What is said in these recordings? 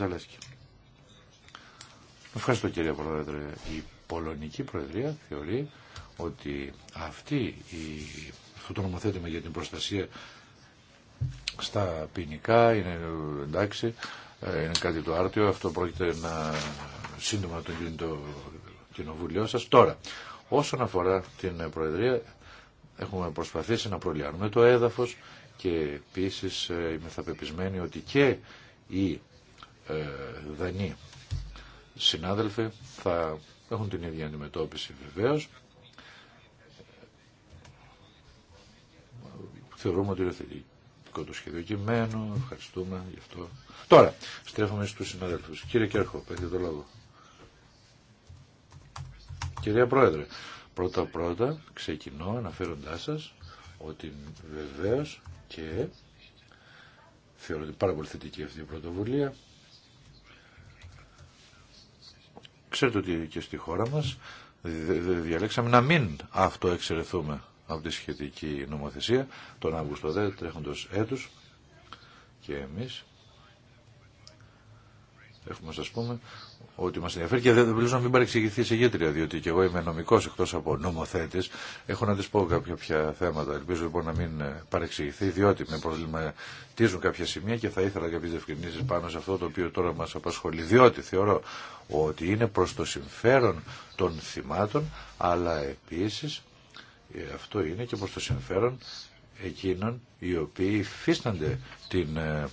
Ζαλέσκη. Ευχαριστώ κύριε Πρόεδρε. Η Πολωνική Προεδρία θεωρεί ότι αυτή η, αυτό το νομοθέτημα για την προστασία στα ποινικά είναι εντάξει, ε, είναι κάτι το άρτιο, αυτό πρόκειται να σύντομα το γίνει το κοινοβούλιο σας. Τώρα, όσον αφορά την Προεδρία, έχουμε προσπαθήσει να προλιάνουμε το έδαφος και επίσης ε, είμαι θα ότι και η ε, δανεί συνάδελφοι θα έχουν την ίδια αντιμετώπιση βεβαίως. Θεωρούμε ότι είναι θετικό το σχέδιο κειμένο, ευχαριστούμε γι' αυτό. Τώρα, στρέφουμε στους συναδέλφους. Κύριε Κέρχο, παίρνει το λόγο. Κυρία Πρόεδρε, πρώτα-πρώτα ξεκινώ αναφέροντά σα ότι βεβαίως και θεωρώ ότι πάρα πολύ θετική αυτή η πρωτοβουλία Ξέρετε ότι και στη χώρα μας διαλέξαμε να μην αυτοεξαιρεθούμε από τη σχετική νομοθεσία τον Αύγουστο δε τρέχοντος έτους και εμείς έχουμε να σας πούμε ότι μας ενδιαφέρει και δεν θέλω να μην παρεξηγηθεί σε γήτρια, διότι και εγώ είμαι νομικός εκτός από νομοθέτης. Έχω να της πω κάποια πια θέματα, ελπίζω λοιπόν να μην ε, παρεξηγηθεί, διότι με προβληματίζουν κάποια σημεία και θα ήθελα κάποιες διευκρινήσεις πάνω σε αυτό το οποίο τώρα μας απασχολεί, διότι θεωρώ ότι είναι προς το συμφέρον των θυμάτων, αλλά επίσης ε, αυτό είναι και προς το συμφέρον εκείνων οι οποίοι φύστανται την ε,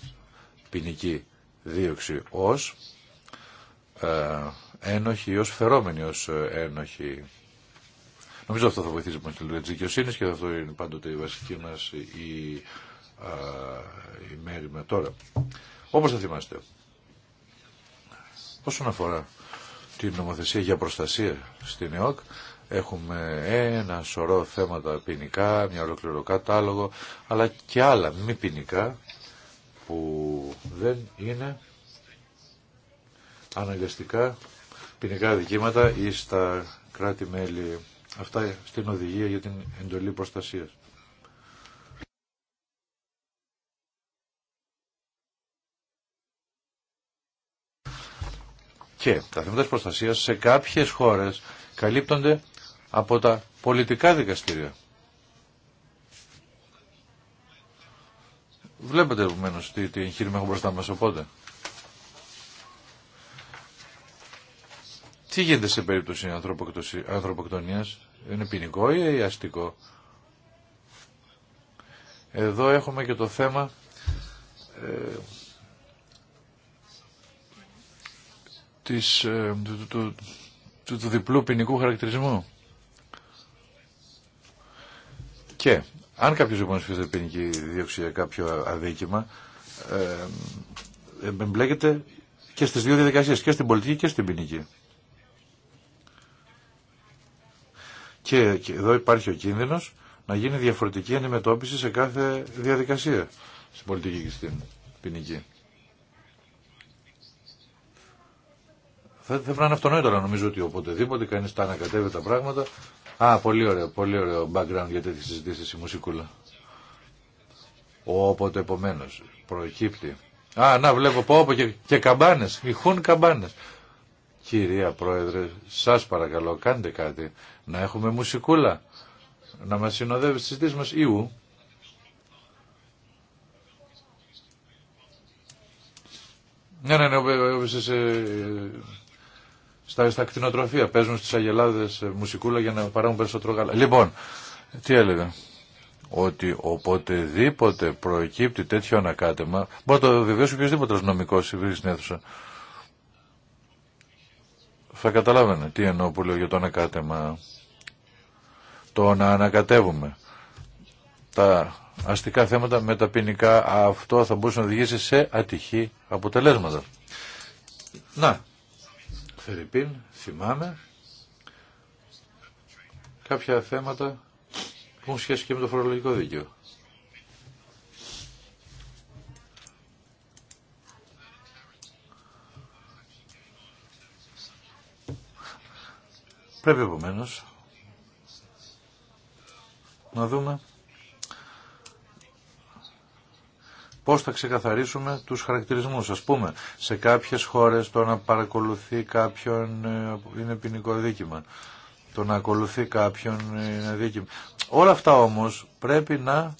ποινική δίωξη ως ε, ένοχοι, ως φερόμενοι ως ε, ένοχοι. Νομίζω αυτό θα βοηθήσει μας τη λειτουργία της δικαιοσύνης και αυτό είναι πάντοτε η βασική μας η, η μέρη με τώρα. Όπως θα θυμάστε, όσον αφορά την νομοθεσία για προστασία στην ΕΟΚ, έχουμε ένα σωρό θέματα ποινικά, μια ολοκληρωτικά κατάλογο, αλλά και άλλα μη ποινικά που δεν είναι αναγκαστικά ποινικά δικήματα ή στα κράτη-μέλη. Αυτά στην οδηγία για την εντολή προστασίας. Και τα θέματα προστασία προστασίας σε κάποιες χώρες καλύπτονται από τα πολιτικά δικαστήρια. Βλέπετε επομένω τι, τι εγχείρημα έχουμε μπροστά μα. Οπότε, τι γίνεται σε περίπτωση ανθρωποκτονία, είναι ποινικό ή αστικό. Εδώ έχουμε και το θέμα ε, της, ε, του, του διπλού ποινικού χαρακτηρισμού. Και αν κάποιος λοιπόν ποινική δίωξη για κάποιο αδίκημα, ε, εμπλέκεται και στις δύο διαδικασίες, και στην πολιτική και στην ποινική. Και, εδώ υπάρχει ο κίνδυνος να γίνει διαφορετική αντιμετώπιση σε κάθε διαδικασία, στην πολιτική και στην ποινική. Θα, θα να είναι αυτονόητο να νομίζω ότι οποτεδήποτε κανείς τα ανακατεύει τα πράγματα Α, πολύ ωραίο, πολύ ωραίο background για τέτοιες συζητήσεις η μουσικούλα. Όποτε επομένως προκύπτει. Α, να βλέπω πω, και, και καμπάνες, ηχούν καμπάνες. Κυρία Πρόεδρε, σας παρακαλώ κάντε κάτι, να έχουμε μουσικούλα, να μας συνοδεύει στις συζητήσεις μας Ιού. Ναι, ναι, ναι, στα, στα κτηνοτροφία. Παίζουν στι αγελάδε ε, μουσικούλα για να παράγουν περισσότερο γάλα. Λοιπόν, τι έλεγα. Ότι οποτεδήποτε προκύπτει τέτοιο ανακάτεμα, μπορεί να το βεβαιώσει οποιοδήποτε νομικό συμβεί στην αίθουσα. Θα καταλάβαινε τι εννοώ που λέω για το ανακάτεμα. Το να ανακατεύουμε τα αστικά θέματα με τα ποινικά, αυτό θα μπορούσε να οδηγήσει σε ατυχή αποτελέσματα. Να, Φερρυπίν, θυμάμαι κάποια θέματα που έχουν σχέση και με το φορολογικό δίκαιο. Πρέπει επομένω να δούμε πώς θα ξεκαθαρίσουμε τους χαρακτηρισμούς. Ας πούμε, σε κάποιες χώρες το να παρακολουθεί κάποιον ε, είναι ποινικό δίκημα. Το να ακολουθεί κάποιον ε, είναι δίκημα. Όλα αυτά όμως πρέπει να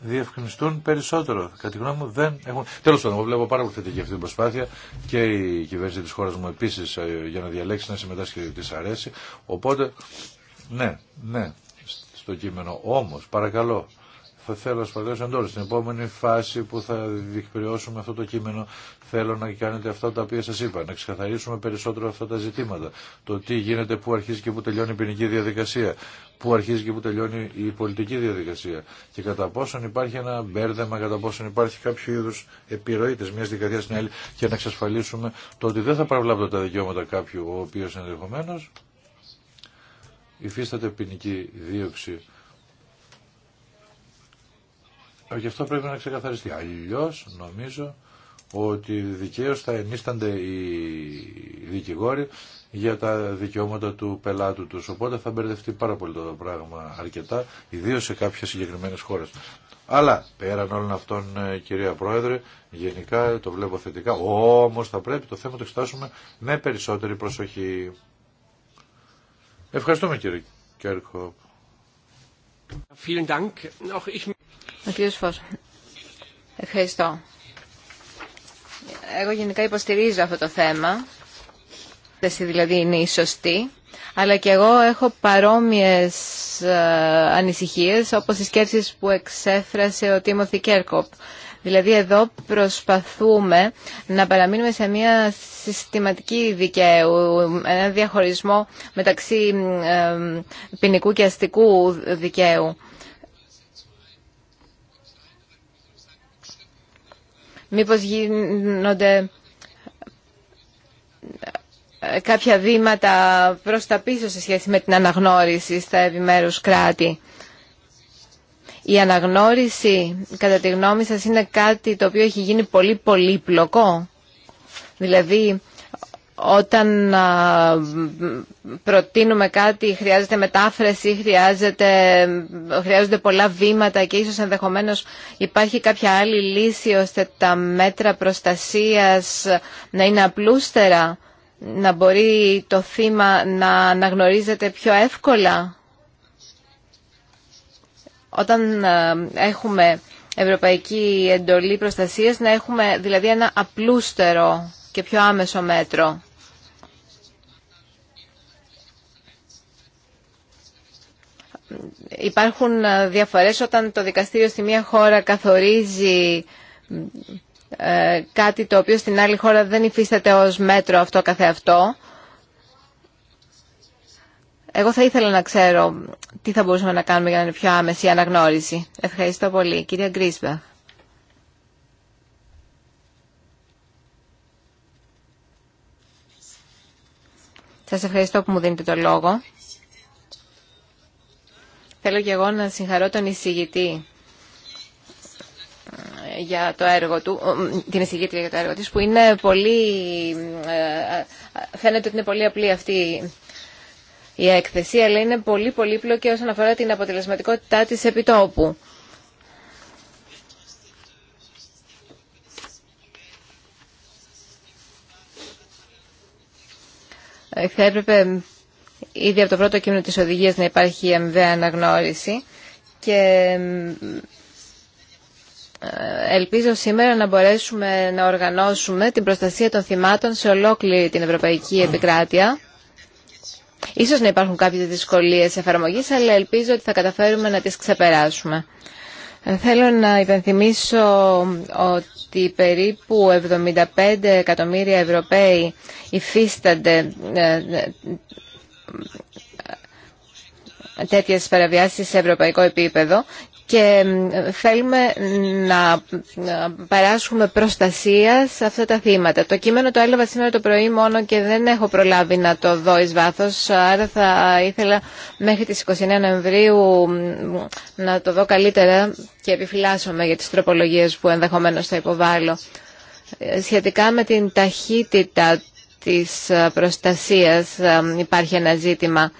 διευκρινιστούν περισσότερο. Κατά τη γνώμη μου δεν έχουν. Τέλο πάντων, εγώ βλέπω πάρα πολύ θετική αυτή την προσπάθεια και η κυβέρνηση τη χώρα μου επίση ε, για να διαλέξει να συμμετάσχει τη αρέσει. Οπότε, ναι, ναι, στο κείμενο. Όμω, παρακαλώ, θα θέλω ασφαλώς τώρα στην επόμενη φάση που θα διεκπαιριώσουμε αυτό το κείμενο θέλω να κάνετε αυτά τα οποία σας είπα, να ξεκαθαρίσουμε περισσότερο αυτά τα ζητήματα. Το τι γίνεται, πού αρχίζει και πού τελειώνει η ποινική διαδικασία, πού αρχίζει και πού τελειώνει η πολιτική διαδικασία και κατά πόσον υπάρχει ένα μπέρδεμα, κατά πόσον υπάρχει κάποιο είδου επιρροή τη μια δικαδία στην άλλη και να εξασφαλίσουμε το ότι δεν θα παραβλάβουν τα δικαιώματα κάποιου ο οποίο ενδεχομένω υφίσταται ποινική δίωξη ε, γι' αυτό πρέπει να ξεκαθαριστεί. Αλλιώ νομίζω ότι δικαίω θα ενίστανται οι δικηγόροι για τα δικαιώματα του πελάτου τους. Οπότε θα μπερδευτεί πάρα πολύ το πράγμα αρκετά, ιδίω σε κάποιες συγκεκριμένες χώρες. Αλλά πέραν όλων αυτών, ε, κυρία Πρόεδρε, γενικά το βλέπω θετικά. Όμως θα πρέπει το θέμα το εξετάσουμε με περισσότερη προσοχή. Ευχαριστούμε κύριε Κέρκοπ. Ο κύριος Φως. Ευχαριστώ. Εγώ γενικά υποστηρίζω αυτό το θέμα. Εσύ δηλαδή είναι η σωστή. Αλλά και εγώ έχω παρόμοιες ε, ανησυχίες όπως οι σκέψεις που εξέφρασε ο Τίμωθη Κέρκοπ. Δηλαδή εδώ προσπαθούμε να παραμείνουμε σε μια συστηματική δικαίου, ένα διαχωρισμό μεταξύ ε, ποινικού και αστικού δικαίου. Μήπως γίνονται ε, κάποια βήματα προς τα πίσω σε σχέση με την αναγνώριση στα επιμέρους κράτη. Η αναγνώριση, κατά τη γνώμη σας, είναι κάτι το οποίο έχει γίνει πολύ πολύπλοκο. Δηλαδή, όταν προτείνουμε κάτι χρειάζεται μετάφραση, χρειάζεται, χρειάζονται πολλά βήματα και ίσως ενδεχομένως υπάρχει κάποια άλλη λύση ώστε τα μέτρα προστασίας να είναι απλούστερα, να μπορεί το θύμα να αναγνωρίζεται πιο εύκολα. Όταν έχουμε ευρωπαϊκή εντολή προστασίας, να έχουμε δηλαδή ένα απλούστερο και πιο άμεσο μέτρο. υπάρχουν ε, διαφορές όταν το δικαστήριο στη μία χώρα καθορίζει ε, κάτι το οποίο στην άλλη χώρα δεν υφίσταται ως μέτρο αυτό καθεαυτό. Εγώ θα ήθελα να ξέρω τι θα μπορούσαμε να κάνουμε για να είναι πιο άμεση η αναγνώριση. Ευχαριστώ πολύ. Κυρία Γκρίσμπαχ. Σας ευχαριστώ που μου δίνετε το λόγο. Θέλω και εγώ να συγχαρώ τον εισηγητή ε, για το έργο του, ε, την εισηγήτρια για το έργο της, που είναι πολύ, ε, φαίνεται ότι είναι πολύ απλή αυτή η έκθεση, αλλά είναι πολύ πολύπλοκη όσον αφορά την αποτελεσματικότητά της επιτόπου. Θα έπρεπε ήδη από το πρώτο κείμενο της οδηγίας να υπάρχει η αναγνώριση και ε, ελπίζω σήμερα να μπορέσουμε να οργανώσουμε την προστασία των θυμάτων σε ολόκληρη την Ευρωπαϊκή Επικράτεια. Ίσως να υπάρχουν κάποιες δυσκολίες εφαρμογής, αλλά ελπίζω ότι θα καταφέρουμε να τις ξεπεράσουμε. Ε, θέλω να υπενθυμίσω ότι περίπου 75 εκατομμύρια Ευρωπαίοι υφίστανται ε, τέτοιες παραβιάσεις σε ευρωπαϊκό επίπεδο και θέλουμε να παράσχουμε προστασία σε αυτά τα θύματα. Το κείμενο το έλαβα σήμερα το πρωί μόνο και δεν έχω προλάβει να το δω εις βάθος, άρα θα ήθελα μέχρι τις 29 Νοεμβρίου να το δω καλύτερα και επιφυλάσσομαι για τις τροπολογίες που ενδεχομένως θα υποβάλλω. Ε, σχετικά με την ταχύτητα της ε, προστασίας ε, υπάρχει ένα ζήτημα.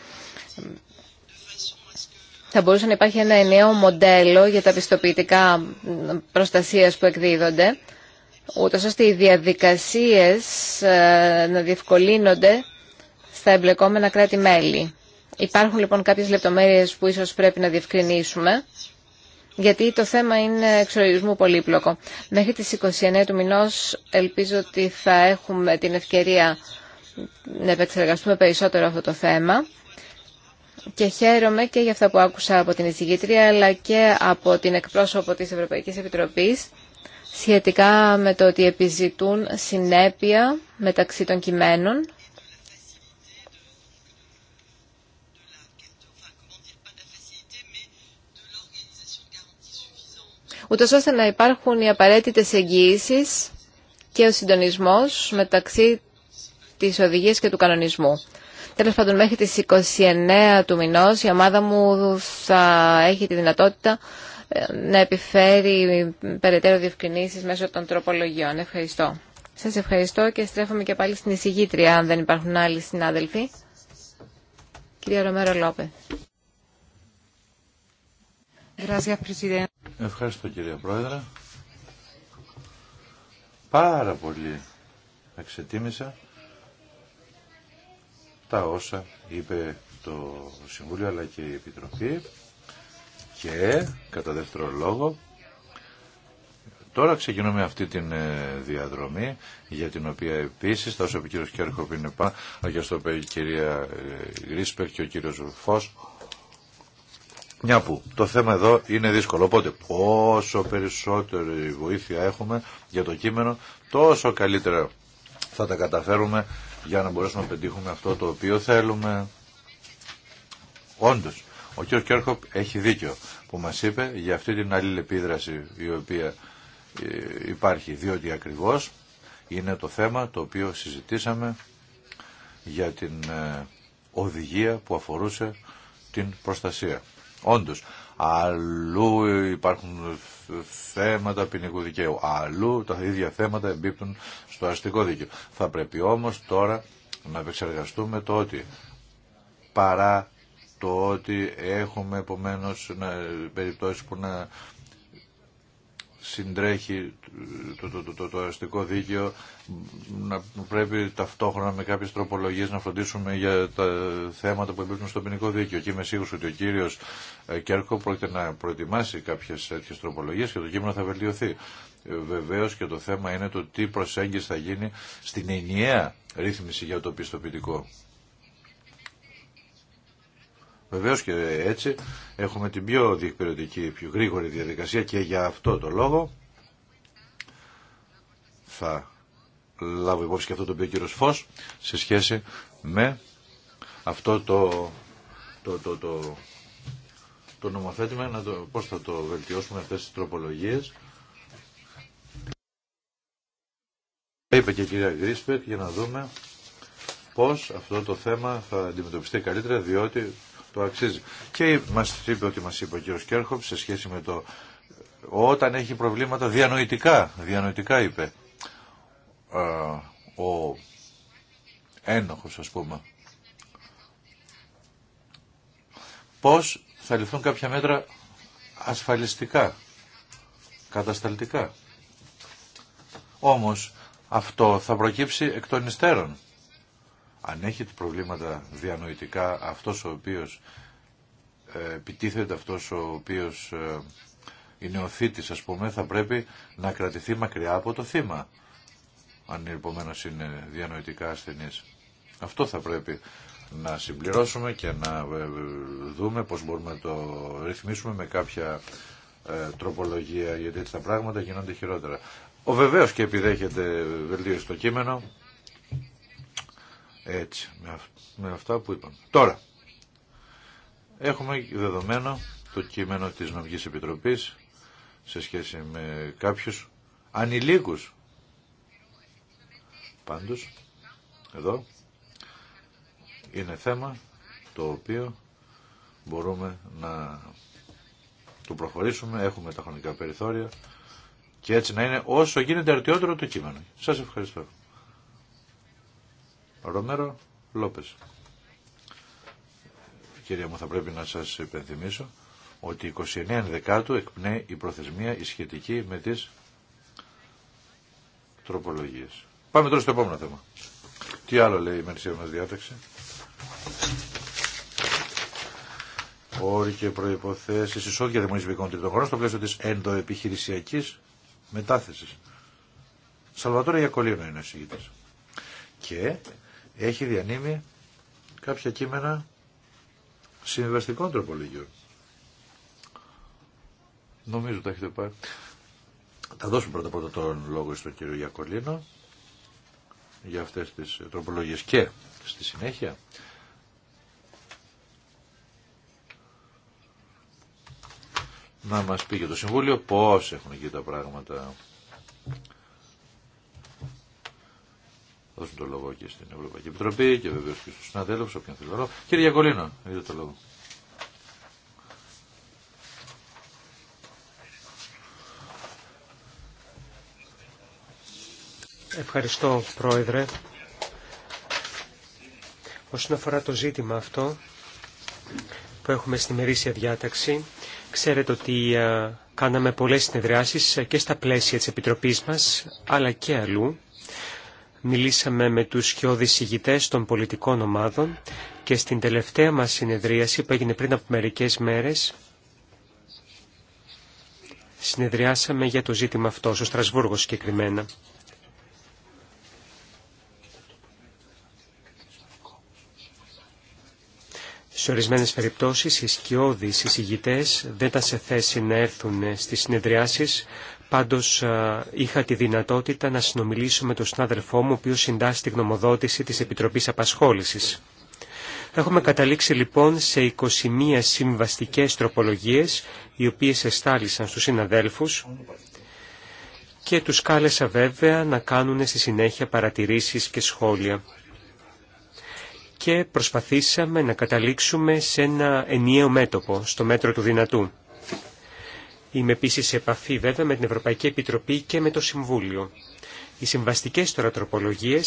Θα μπορούσε να υπάρχει ένα νέο μοντέλο για τα πιστοποιητικά προστασίας που εκδίδονται, ούτως ώστε οι διαδικασίες ε, να διευκολύνονται στα εμπλεκόμενα κράτη-μέλη. Υπάρχουν λοιπόν κάποιες λεπτομέρειες που ίσως πρέπει να διευκρινίσουμε γιατί το θέμα είναι εξορισμού πολύπλοκο. Μέχρι τις 29 του μηνός ελπίζω ότι θα έχουμε την ευκαιρία να επεξεργαστούμε περισσότερο αυτό το θέμα και χαίρομαι και για αυτά που άκουσα από την εισηγήτρια αλλά και από την εκπρόσωπο της Ευρωπαϊκής Επιτροπής σχετικά με το ότι επιζητούν συνέπεια μεταξύ των κειμένων ούτως ώστε να υπάρχουν οι απαραίτητες εγγύησει και ο συντονισμός μεταξύ τη οδηγία και του κανονισμού. Τέλο πάντων, μέχρι τι 29 του μηνό, η ομάδα μου θα έχει τη δυνατότητα ε, να επιφέρει περαιτέρω διευκρινήσεις μέσω των τροπολογιών. Ευχαριστώ. Σας ευχαριστώ και στρέφομαι και πάλι στην εισηγήτρια, αν δεν υπάρχουν άλλοι συνάδελφοι. Κυρία Ρομέρο Λόπε. Ευχαριστώ κύριε Πρόεδρε. Πάρα πολύ εξετίμησα τα όσα είπε το Συμβούλιο αλλά και η Επιτροπή και κατά δεύτερο λόγο τώρα ξεκινούμε αυτή την ε, διαδρομή για την οποία επίσης θα ο κύριος Κέρκοπ είναι πάνω και στο η κυρία ε, Γρίσπερ και ο κύριος Φως μια που το θέμα εδώ είναι δύσκολο, οπότε όσο περισσότερη βοήθεια έχουμε για το κείμενο, τόσο καλύτερα θα τα καταφέρουμε για να μπορέσουμε να πετύχουμε αυτό το οποίο θέλουμε. Όντως, ο κ. Κέρχοπ έχει δίκιο που μας είπε για αυτή την αλληλεπίδραση η οποία ε, υπάρχει, διότι ακριβώς είναι το θέμα το οποίο συζητήσαμε για την ε, οδηγία που αφορούσε την προστασία. Όντω. αλλού υπάρχουν θέματα ποινικού δικαίου, αλλού τα ίδια θέματα εμπίπτουν στο αστικό δίκαιο. Θα πρέπει όμως τώρα να επεξεργαστούμε το ότι παρά το ότι έχουμε επομένω περιπτώσει που να συντρέχει το, το, το, το, αστικό δίκαιο, να πρέπει ταυτόχρονα με κάποιες τροπολογίες να φροντίσουμε για τα θέματα που εμπίπτουν στο ποινικό δίκαιο. Και είμαι σίγουρος ότι ο κύριος ε, Κέρκο πρόκειται να προετοιμάσει κάποιες τέτοιε τροπολογίες και το κείμενο θα βελτιωθεί. Ε, Βεβαίω και το θέμα είναι το τι προσέγγιση θα γίνει στην ενιαία ρύθμιση για το πιστοποιητικό. Βεβαίω και έτσι έχουμε την πιο διεκπαιρεωτική, πιο γρήγορη διαδικασία και για αυτό το λόγο θα λάβω υπόψη και αυτό το οποίο ο κύριος Φως σε σχέση με αυτό το, το, το, το, το νομοθέτημα, να το, πώς θα το βελτιώσουμε αυτές τις τροπολογίες. Είπε και η κυρία για να δούμε πώς αυτό το θέμα θα αντιμετωπιστεί καλύτερα, διότι το αξίζει. Και μας είπε ότι μας είπε ο κύριο Κέρχοπ σε σχέση με το όταν έχει προβλήματα διανοητικά, διανοητικά είπε ο ένοχος ας πούμε. Πώς θα ληφθούν κάποια μέτρα ασφαλιστικά, κατασταλτικά. Όμως αυτό θα προκύψει εκ των υστέρων αν έχετε προβλήματα διανοητικά, αυτός ο οποίος ε, επιτίθεται, αυτός ο οποίος ε, είναι ο θήτης, ας πούμε, θα πρέπει να κρατηθεί μακριά από το θύμα, αν επομένω είναι διανοητικά ασθενής. Αυτό θα πρέπει να συμπληρώσουμε και να ε, δούμε πώς μπορούμε να το ρυθμίσουμε με κάποια τροπολογία, γιατί τα πράγματα γίνονται χειρότερα. Ο βεβαίως και επιδέχεται βελτίωση στο κείμενο, έτσι, με αυτά που είπαμε. Τώρα, έχουμε δεδομένο το κείμενο της Νομικής Επιτροπής σε σχέση με κάποιους ανηλίκους. Πάντως, εδώ είναι θέμα το οποίο μπορούμε να το προχωρήσουμε, έχουμε τα χρονικά περιθώρια και έτσι να είναι όσο γίνεται αρτιότερο το κείμενο. Σας ευχαριστώ. Ρομέρο Λόπες. Κυρία μου, θα πρέπει να σας υπενθυμίσω ότι 29 Δεκάτου εκπνέει η προθεσμία η σχετική με τις τροπολογίες. Πάμε τώρα στο επόμενο θέμα. Τι άλλο λέει η μερσία μας διάταξη. Όροι και προϋποθέσεις ισόδια δημονισμικών τριτών χρόνων στο πλαίσιο της ενδοεπιχειρησιακής μετάθεσης. Σαλβατόρα Ιακολίνο είναι ο συγγητής. Και έχει διανύμει κάποια κείμενα συμβιβαστικών τροπολογιών. Νομίζω τα έχετε πάει. Θα δώσουμε πρώτα πρώτα τον λόγο στον κύριο Γιακολίνο για αυτές τις τροπολογίες και στη συνέχεια να μας πει και το Συμβούλιο πώς έχουν γίνει τα πράγματα δώσουν το λόγο και στην Ευρωπαϊκή Επιτροπή και βεβαίω και στου συναδέλφου, όποιον θέλω Κύριε Γιακολίνο, είδε το λόγο. Ευχαριστώ, Πρόεδρε. Όσον αφορά το ζήτημα αυτό που έχουμε στη μερίσια διάταξη, ξέρετε ότι ε, κάναμε πολλές συνεδριάσεις και στα πλαίσια της Επιτροπής μας, αλλά και αλλού. Μιλήσαμε με τους σκιώδεις ηγητές των πολιτικών ομάδων και στην τελευταία μας συνεδρίαση που έγινε πριν από μερικές μέρες συνεδριάσαμε για το ζήτημα αυτό, στο Στρασβούργο συγκεκριμένα. Σε ορισμένε περιπτώσει οι σκιώδει συγητές δεν ήταν σε θέση να έρθουν στι συνεδριάσει Πάντως ε, είχα τη δυνατότητα να συνομιλήσω με τον συνάδελφό μου, ο οποίο συντάσσει τη γνωμοδότηση της Επιτροπής Απασχόλησης. Έχουμε καταλήξει λοιπόν σε 21 συμβαστικές τροπολογίες, οι οποίες εστάλησαν στους συναδέλφους και τους κάλεσα βέβαια να κάνουν στη συνέχεια παρατηρήσεις και σχόλια. Και προσπαθήσαμε να καταλήξουμε σε ένα ενιαίο μέτωπο, στο μέτρο του δυνατού. Είμαι επίση σε επαφή βέβαια με την Ευρωπαϊκή Επιτροπή και με το Συμβούλιο. Οι συμβαστικέ τώρα τροπολογίε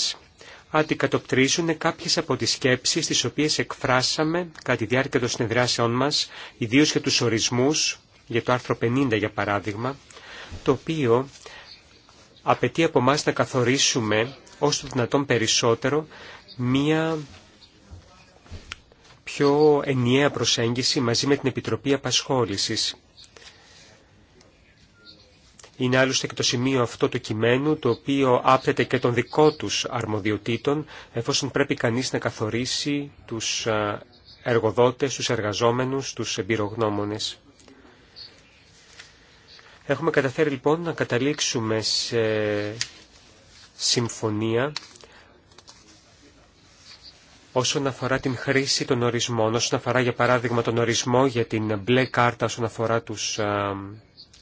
αντικατοπτρίζουν κάποιε από τι σκέψει τι οποίε εκφράσαμε κατά τη διάρκεια των συνεδριάσεών μας, ιδίω για του ορισμού για το άρθρο 50 για παράδειγμα, το οποίο απαιτεί από εμά να καθορίσουμε όσο το δυνατόν περισσότερο μία πιο ενιαία προσέγγιση μαζί με την Επιτροπή Απασχόλησης είναι άλλωστε και το σημείο αυτό του κειμένου, το οποίο άπτεται και των δικών τους αρμοδιοτήτων, εφόσον πρέπει κανείς να καθορίσει τους εργοδότες, τους εργαζόμενους, τους εμπειρογνώμονες. Έχουμε καταφέρει λοιπόν να καταλήξουμε σε συμφωνία όσον αφορά την χρήση των ορισμών, όσον αφορά για παράδειγμα τον ορισμό για την μπλε κάρτα όσον αφορά τους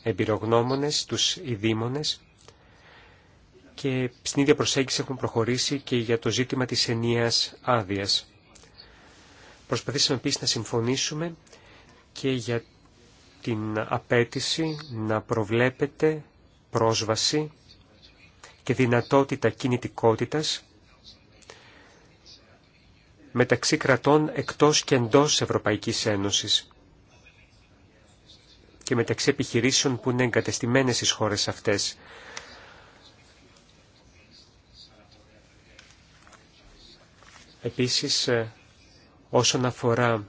εμπειρογνώμονες, τους ειδήμονες και στην ίδια προσέγγιση έχουν προχωρήσει και για το ζήτημα της ενίας άδεια. Προσπαθήσαμε επίσης να συμφωνήσουμε και για την απέτηση να προβλέπεται πρόσβαση και δυνατότητα κινητικότητας μεταξύ κρατών εκτός και εντός Ευρωπαϊκής Ένωσης και μεταξύ επιχειρήσεων που είναι εγκατεστημένες στις χώρες αυτές. Επίσης, ε, όσον αφορά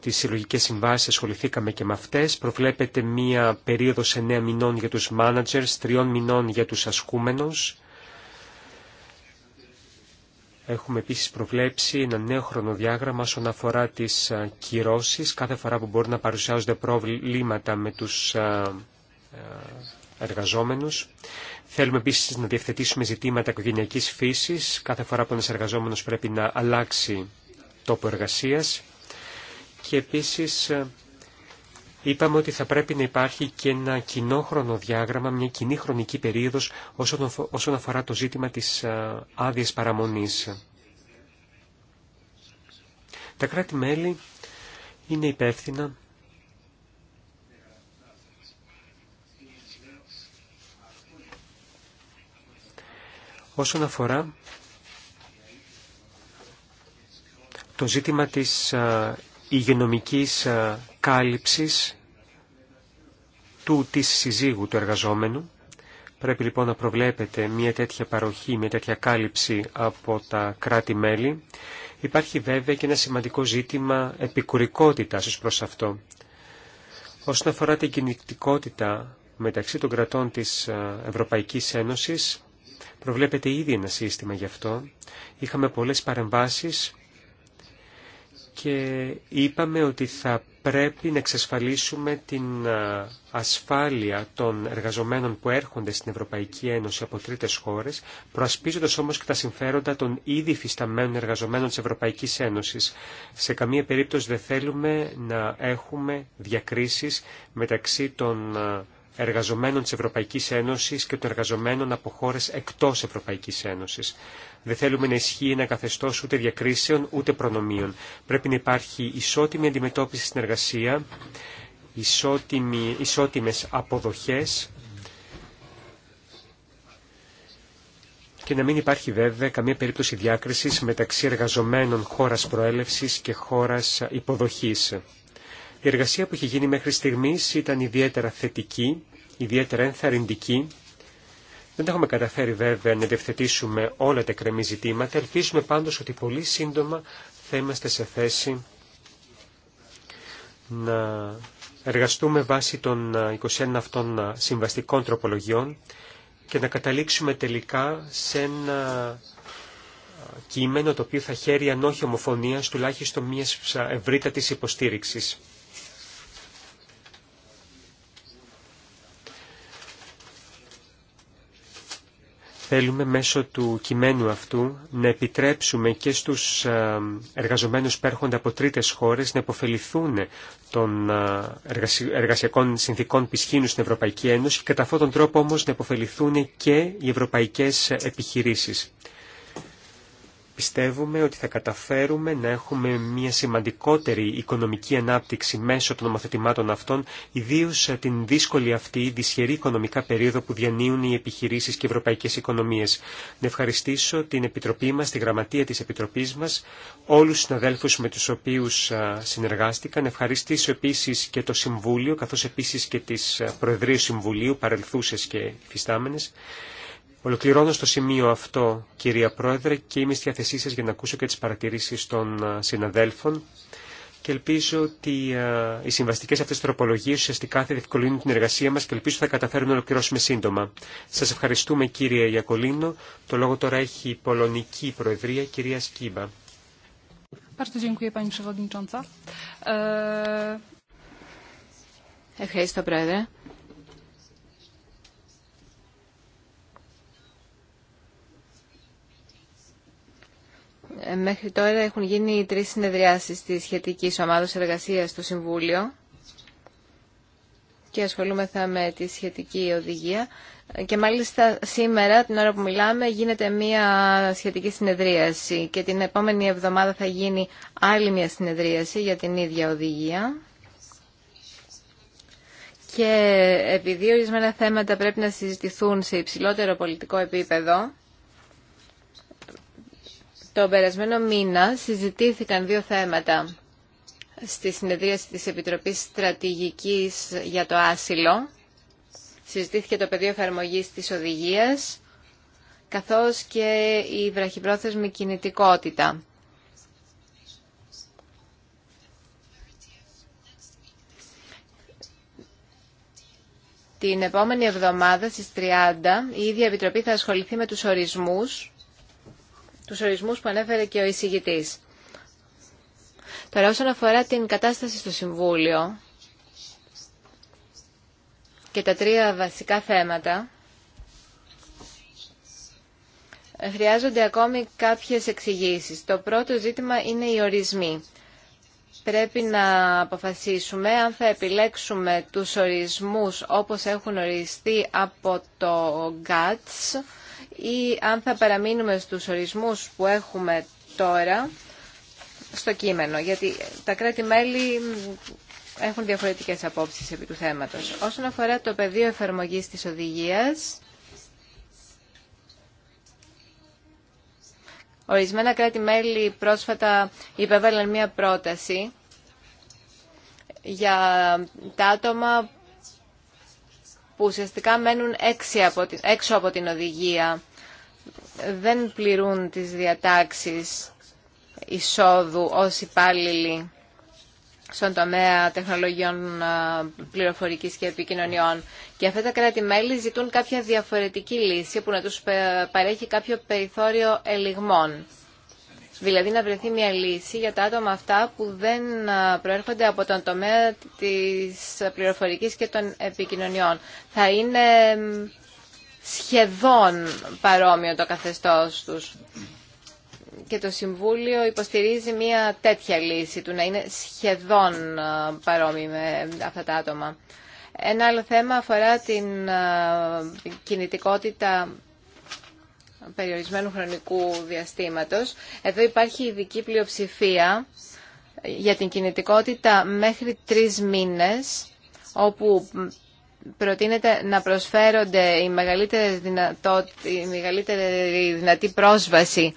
τις συλλογικέ συμβάσεις, ασχοληθήκαμε και με αυτές. Προβλέπεται μία περίοδος 9 μηνών για τους managers, τριών μηνών για τους ασκούμενους. Έχουμε επίσης προβλέψει ένα νέο χρονοδιάγραμμα όσον αφορά τις κυρώσεις κάθε φορά που μπορεί να παρουσιάζονται προβλήματα με τους εργαζόμενους. Θέλουμε επίσης να διευθετήσουμε ζητήματα οικογενειακής φύσης. Κάθε φορά που ένας εργαζόμενος πρέπει να αλλάξει τόπο εργασίας. Και επίσης είπαμε ότι θα πρέπει να υπάρχει και ένα κοινό χρονοδιάγραμμα, μια κοινή χρονική περίοδος όσον αφορά το ζήτημα της άδειας παραμονής. Τα κράτη-μέλη είναι υπεύθυνα όσον αφορά το ζήτημα της υγειονομικής ε, κάλυψης του της συζύγου του εργαζόμενου. Πρέπει λοιπόν να προβλέπετε μια τέτοια παροχή, μια τέτοια κάλυψη από τα κράτη-μέλη. Υπάρχει βέβαια και ένα σημαντικό ζήτημα επικουρικότητας ως προς αυτό. Όσον αφορά την κινητικότητα μεταξύ των κρατών της ε, Ευρωπαϊκής Ένωσης, προβλέπεται ήδη ένα σύστημα γι' αυτό. Είχαμε πολλές παρεμβάσεις και είπαμε ότι θα πρέπει να εξασφαλίσουμε την ασφάλεια των εργαζομένων που έρχονται στην Ευρωπαϊκή Ένωση από τρίτες χώρες, προασπίζοντας όμως και τα συμφέροντα των ήδη φυσταμένων εργαζομένων της Ευρωπαϊκής Ένωσης. Σε καμία περίπτωση δεν θέλουμε να έχουμε διακρίσεις μεταξύ των εργαζομένων της Ευρωπαϊκής Ένωσης και των εργαζομένων από χώρες εκτός Ευρωπαϊκής Ένωσης. Δεν θέλουμε να ισχύει ένα καθεστώ ούτε διακρίσεων ούτε προνομίων. Πρέπει να υπάρχει ισότιμη αντιμετώπιση στην εργασία, ισότιμε αποδοχέ αποδοχές και να μην υπάρχει βέβαια καμία περίπτωση διάκριση μεταξύ εργαζομένων χώρας προέλευσης και χώρας υποδοχής. Η εργασία που είχε γίνει μέχρι στιγμή ήταν ιδιαίτερα θετική, ιδιαίτερα ενθαρρυντική δεν έχουμε καταφέρει βέβαια να διευθετήσουμε όλα τα κρεμή ζητήματα. Ελπίζουμε πάντως ότι πολύ σύντομα θα είμαστε σε θέση να εργαστούμε βάσει των 21 αυτών συμβαστικών τροπολογιών και να καταλήξουμε τελικά σε ένα κείμενο το οποίο θα χαίρει αν όχι ομοφωνία, τουλάχιστον μιας ευρύτατης υποστήριξης. θέλουμε μέσω του κειμένου αυτού να επιτρέψουμε και στους ε, εργαζομένους που έρχονται από τρίτες χώρες να υποφεληθούν των ε, εργασιακών συνθήκων πισχύνου στην Ευρωπαϊκή Ένωση και κατά αυτόν τον τρόπο όμως να υποφεληθούν και οι ευρωπαϊκές επιχειρήσεις. Πιστεύουμε ότι θα καταφέρουμε να έχουμε μια σημαντικότερη οικονομική ανάπτυξη μέσω των νομοθετημάτων αυτών, ιδίω την δύσκολη αυτή, δυσχερή οικονομικά περίοδο που διανύουν οι επιχειρήσει και οι ευρωπαϊκέ οικονομίε. Να ευχαριστήσω την Επιτροπή μα, τη Γραμματεία τη Επιτροπή μα, όλου του συναδέλφου με του οποίου συνεργάστηκα. Να ευχαριστήσω επίση και το Συμβούλιο, καθώ επίση και τι Προεδρίε Συμβουλίου, παρελθούσε και φυστάμενε. Ολοκληρώνω στο σημείο αυτό, κυρία Πρόεδρε, και είμαι στη διάθεσή σας για να ακούσω και τις παρατηρήσεις των συναδέλφων και ελπίζω ότι οι συμβαστικές αυτές τροπολογίες ουσιαστικά θα διευκολύνουν την εργασία μας και ελπίζω θα καταφέρουμε να ολοκληρώσουμε σύντομα. Σας ευχαριστούμε κύριε Γιακολίνο. Το λόγο τώρα έχει η Πολωνική Προεδρία, κυρία Σκύμπα. Ε, Ευχαριστώ, Πρόεδρε. Μέχρι τώρα έχουν γίνει τρεις συνεδριάσεις της σχετικής ομάδος εργασίας στο Συμβούλιο και ασχολούμεθα με τη σχετική οδηγία. Και μάλιστα σήμερα, την ώρα που μιλάμε, γίνεται μία σχετική συνεδρίαση και την επόμενη εβδομάδα θα γίνει άλλη μία συνεδρίαση για την ίδια οδηγία. Και επειδή ορισμένα θέματα πρέπει να συζητηθούν σε υψηλότερο πολιτικό επίπεδο, το περασμένο μήνα συζητήθηκαν δύο θέματα στη συνεδρίαση της Επιτροπής Στρατηγικής για το Άσυλο. Συζητήθηκε το πεδίο εφαρμογή της οδηγίας, καθώς και η βραχυπρόθεσμη κινητικότητα. Την επόμενη εβδομάδα στις 30 η ίδια Επιτροπή θα ασχοληθεί με τους ορισμούς τους ορισμούς που ανέφερε και ο εισηγητής. Τώρα όσον αφορά την κατάσταση στο Συμβούλιο και τα τρία βασικά θέματα, χρειάζονται ακόμη κάποιες εξηγήσεις. Το πρώτο ζήτημα είναι οι ορισμοί. Πρέπει να αποφασίσουμε αν θα επιλέξουμε τους ορισμούς όπως έχουν οριστεί από το GATS, ή αν θα παραμείνουμε στους ορισμούς που έχουμε τώρα στο κείμενο, γιατί τα κράτη-μέλη έχουν διαφορετικές απόψεις επί του θέματος. Όσον αφορά το πεδίο εφαρμογής της οδηγίας, ορισμένα κράτη-μέλη πρόσφατα υπέβαλαν μία πρόταση για τα άτομα που ουσιαστικά μένουν έξω από την οδηγία. Δεν πληρούν τις διατάξεις εισόδου ως υπάλληλοι στον τομέα τεχνολογιών πληροφορικής και επικοινωνιών. Και αυτά τα κράτη-μέλη ζητούν κάποια διαφορετική λύση που να τους παρέχει κάποιο περιθώριο ελιγμών. Δηλαδή να βρεθεί μια λύση για τα άτομα αυτά που δεν προέρχονται από τον τομέα της πληροφορικής και των επικοινωνιών. Θα είναι σχεδόν παρόμοιο το καθεστώς τους. Και το Συμβούλιο υποστηρίζει μια τέτοια λύση του να είναι σχεδόν παρόμοιο με αυτά τα άτομα. Ένα άλλο θέμα αφορά την κινητικότητα περιορισμένου χρονικού διαστήματος. Εδώ υπάρχει ειδική πλειοψηφία για την κινητικότητα μέχρι τρεις μήνες, όπου προτείνεται να προσφέρονται η μεγαλύτερη δυνατή πρόσβαση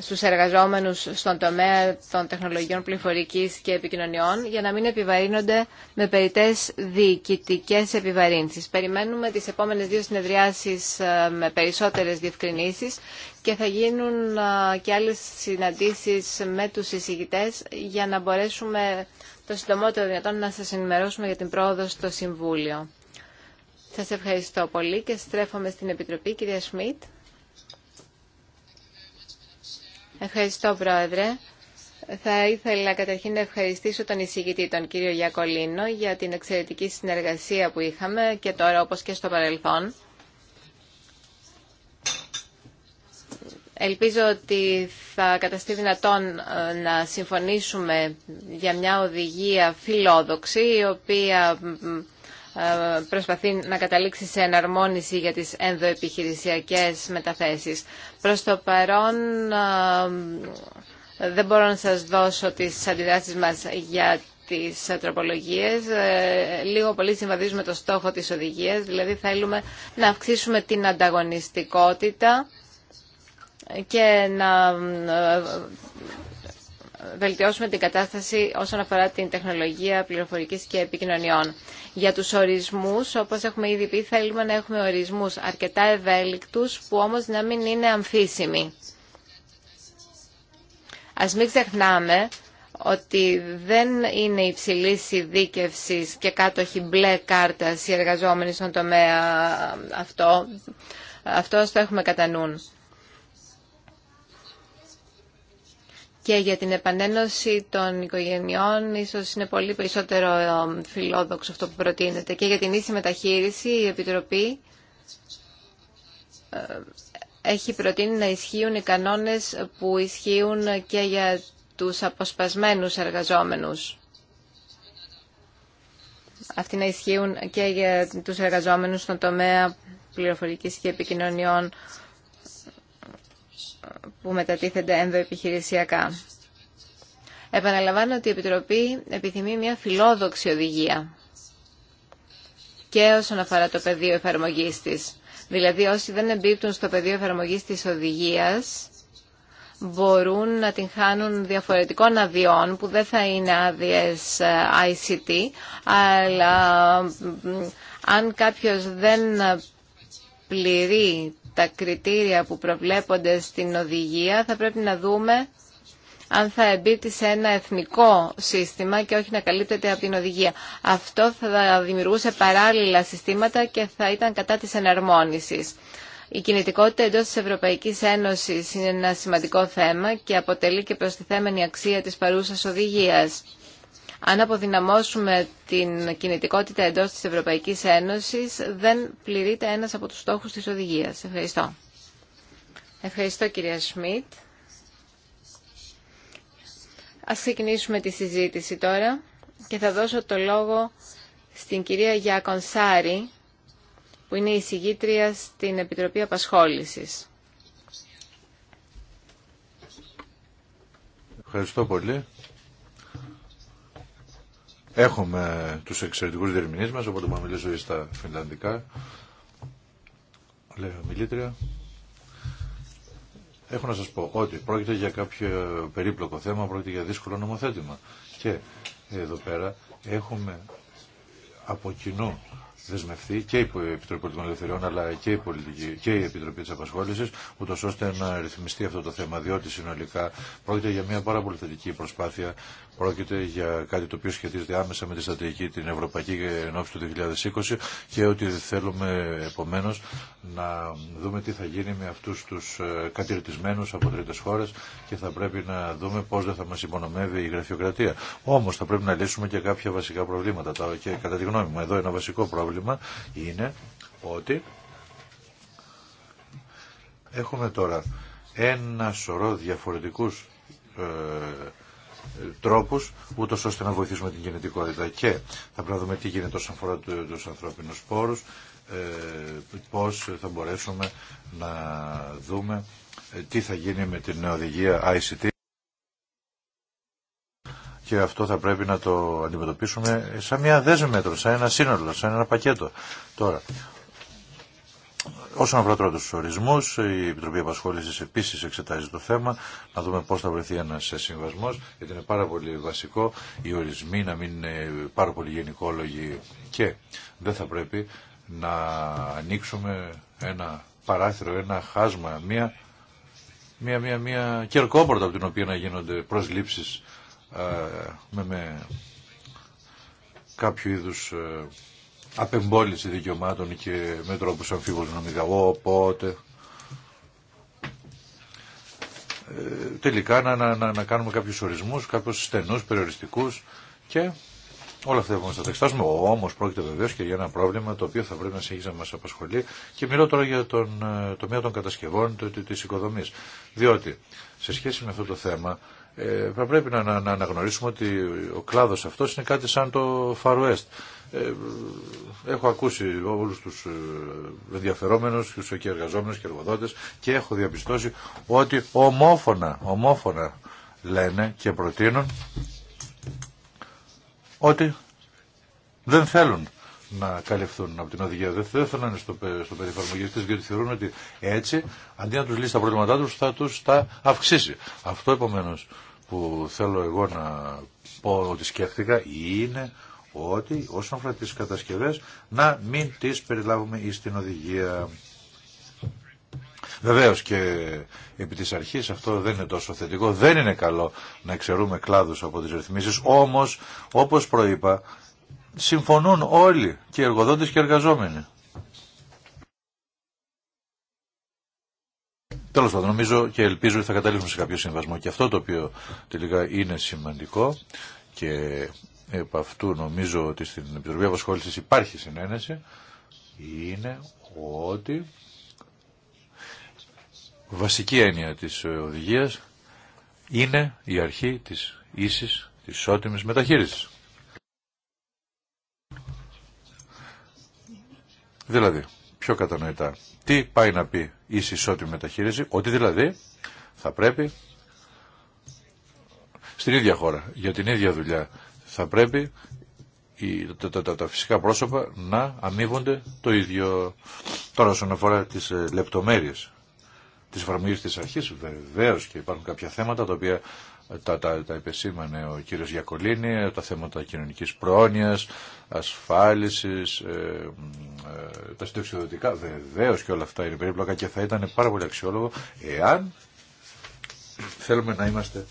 στους εργαζόμενους στον τομέα των τεχνολογιών πληροφορικής και επικοινωνιών για να μην επιβαρύνονται με περιττές διοικητικέ επιβαρύνσεις. Περιμένουμε τις επόμενες δύο συνεδριάσεις ε, με περισσότερες διευκρινήσεις και θα γίνουν ε, και άλλες συναντήσεις με τους εισηγητές για να μπορέσουμε το συντομότερο δυνατόν να σας ενημερώσουμε για την πρόοδο στο Συμβούλιο. Σας ευχαριστώ πολύ και στρέφομαι στην Επιτροπή, κυρία Σμιτ. Ευχαριστώ, Πρόεδρε. Θα ήθελα καταρχήν να ευχαριστήσω τον εισηγητή, τον κύριο Γιακολίνο, για την εξαιρετική συνεργασία που είχαμε και τώρα όπως και στο παρελθόν. Ελπίζω ότι θα καταστεί δυνατόν ε, να συμφωνήσουμε για μια οδηγία φιλόδοξη, η οποία ε, προσπαθεί να καταλήξει σε εναρμόνιση για τις ενδοεπιχειρησιακές μεταθέσεις. Προς το παρόν ε, δεν μπορώ να σας δώσω τις αντιδράσεις μας για τις τροπολογίες. Ε, λίγο πολύ συμβαδίζουμε το στόχο της οδηγίας, δηλαδή θέλουμε να αυξήσουμε την ανταγωνιστικότητα και να βελτιώσουμε την κατάσταση όσον αφορά την τεχνολογία πληροφορική και επικοινωνιών. Για τους ορισμούς, όπως έχουμε ήδη πει, θέλουμε να έχουμε ορισμούς αρκετά ευέλικτου, που όμω να μην είναι αμφίσιμοι. Ας μην ξεχνάμε ότι δεν είναι υψηλή ειδίκευση και κάτοχοι μπλε κάρτα οι εργαζόμενοι στον τομέα αυτό. Αυτό το έχουμε κατά νου. και για την επανένωση των οικογενειών ίσως είναι πολύ περισσότερο ε, φιλόδοξο αυτό που προτείνεται και για την ίση μεταχείριση η Επιτροπή ε, έχει προτείνει να ισχύουν οι κανόνες που ισχύουν και για τους αποσπασμένους εργαζόμενους. Αυτοί να ισχύουν και για τους εργαζόμενους στον τομέα πληροφορικής και επικοινωνιών που μετατίθενται ενδοεπιχειρησιακά. Επαναλαμβάνω ότι η Επιτροπή επιθυμεί μια φιλόδοξη οδηγία και όσον αφορά το πεδίο εφαρμογή της. Δηλαδή όσοι δεν εμπίπτουν στο πεδίο εφαρμογής της οδηγίας μπορούν να την χάνουν διαφορετικών αδειών που δεν θα είναι άδειε ε, ICT αλλά αν κάποιος δεν πληρεί τα κριτήρια που προβλέπονται στην οδηγία θα πρέπει να δούμε αν θα εμπίπτει σε ένα εθνικό σύστημα και όχι να καλύπτεται από την οδηγία. Αυτό θα δημιουργούσε παράλληλα συστήματα και θα ήταν κατά της εναρμόνισης. Η κινητικότητα εντό τη Ευρωπαϊκή Ένωση είναι ένα σημαντικό θέμα και αποτελεί και προστιθέμενη αξία της παρούσα οδηγίας. Αν αποδυναμώσουμε την κινητικότητα εντός της Ευρωπαϊκής Ένωσης, δεν πληρείται ένας από τους στόχους της οδηγίας. Ευχαριστώ. Ευχαριστώ κυρία Σμιτ. Ας ξεκινήσουμε τη συζήτηση τώρα και θα δώσω το λόγο στην κυρία Γιακονσάρη, που είναι η συγγήτρια στην Επιτροπή Απασχόλησης. Ευχαριστώ πολύ. Έχουμε τους εξαιρετικούς διερμηνείς μας, οπότε μου μιλήσω στα φιλανδικά. Λέω μιλήτρια. Έχω να σας πω ότι πρόκειται για κάποιο περίπλοκο θέμα, πρόκειται για δύσκολο νομοθέτημα. Και εδώ πέρα έχουμε από κοινού δεσμευτεί και η Επιτροπή των Ελευθεριών αλλά και η, πολιτική, και η Επιτροπή της Απασχόλησης ούτως ώστε να ρυθμιστεί αυτό το θέμα διότι συνολικά πρόκειται για μια πάρα πολύ θετική προσπάθεια πρόκειται για κάτι το οποίο σχετίζεται άμεσα με τη στρατηγική την Ευρωπαϊκή Ενόψη του 2020 και ότι θέλουμε επομένως να δούμε τι θα γίνει με αυτούς τους ε, κατηρτισμένους από τρίτες χώρες και θα πρέπει να δούμε πώς δεν θα μας υπονομεύει η γραφειοκρατία. Όμως θα πρέπει να λύσουμε και κάποια βασικά προβλήματα και κατά τη γνώμη μου εδώ ένα βασικό πρόβλημα πρόβλημα είναι ότι έχουμε τώρα ένα σωρό διαφορετικούς ε, τρόπους ούτως ώστε να βοηθήσουμε την κινητικότητα και θα πρέπει να δούμε τι γίνεται όσον αφορά τους ανθρώπινους σπόρους. ε, πώς θα μπορέσουμε να δούμε ε, τι θα γίνει με την οδηγία ICT και αυτό θα πρέπει να το αντιμετωπίσουμε σαν μια δέσμη μέτρο, σαν ένα σύνολο, σαν ένα πακέτο. Τώρα, Όσον αφορά τώρα του ορισμούς η Επιτροπή Απασχόληση επίση εξετάζει το θέμα, να δούμε πώς θα βρεθεί ένας συμβασμό, γιατί είναι πάρα πολύ βασικό οι ορισμοί να μην είναι πάρα πολύ γενικόλογοι και δεν θα πρέπει να ανοίξουμε ένα παράθυρο, ένα χάσμα, μία, μία, μία, μία κερκόπορτα από την οποία να γίνονται προσλήψεις ε, με, με κάποιο είδους ε, απεμπόληση δικαιωμάτων και με τρόπους αμφίβολους νομικά. Οπότε ε, τελικά να, να, να, κάνουμε κάποιους ορισμούς, κάποιους στενούς, περιοριστικούς και όλα αυτά που θα τα εξετάσουμε. Όμως πρόκειται βεβαίως και για ένα πρόβλημα το οποίο θα πρέπει να συνεχίσει να μας απασχολεί και μιλώ τώρα για τον τομέα των κατασκευών της οικοδομής. Διότι σε σχέση με αυτό το θέμα ε, πρέπει να, να, να αναγνωρίσουμε ότι ο κλάδος αυτός είναι κάτι σαν το Far West. Ε, έχω ακούσει όλους τους ε, ενδιαφερόμενους, τους και εργαζόμενους και εργοδότες και έχω διαπιστώσει ότι ομόφωνα, ομόφωνα λένε και προτείνουν ότι δεν θέλουν να καλυφθούν από την οδηγία. Δεν θέλουν να είναι στο, στο περιφαρμογή τη, γιατί θεωρούν ότι έτσι, αντί να του λύσει τα προβλήματά του, θα του τα αυξήσει. Αυτό επομένω που θέλω εγώ να πω ότι σκέφτηκα είναι ότι όσον αφορά τι κατασκευέ να μην τι περιλάβουμε στην την οδηγία. Βεβαίω, και επί τη αρχή αυτό δεν είναι τόσο θετικό, δεν είναι καλό να εξαιρούμε κλάδου από τι ρυθμίσει. Όμω, όπω προείπα συμφωνούν όλοι και οι εργοδότες και οι εργαζόμενοι. Τέλος πάντων, νομίζω και ελπίζω ότι θα καταλήξουμε σε κάποιο συμβασμό. Και αυτό το οποίο τελικά είναι σημαντικό και επ' αυτού νομίζω ότι στην Επιτροπή Αποσχόλησης υπάρχει συνένεση, είναι ότι βασική έννοια της οδηγίας είναι η αρχή της ίσης, της ισότιμης μεταχείρισης. Δηλαδή, πιο κατανοητά, τι πάει να πει η ισότιμη μεταχείριση, ότι δηλαδή θα πρέπει στην ίδια χώρα, για την ίδια δουλειά, θα πρέπει οι, τα, τα, τα, φυσικά πρόσωπα να αμείβονται το ίδιο. Τώρα, όσον αφορά τις ε, λεπτομέρειες της εφαρμογής της αρχής, βεβαίω και υπάρχουν κάποια θέματα τα οποία τα, τα, επεσήμανε ο κύριος Γιακολίνη, τα θέματα κοινωνικής πρόνοιας, ασφάλισης, ε, ε, τα συντεξιδοτικά, Βεβαίως και όλα αυτά είναι περίπλοκα και θα ήταν πάρα πολύ αξιόλογο εάν θέλουμε να είμαστε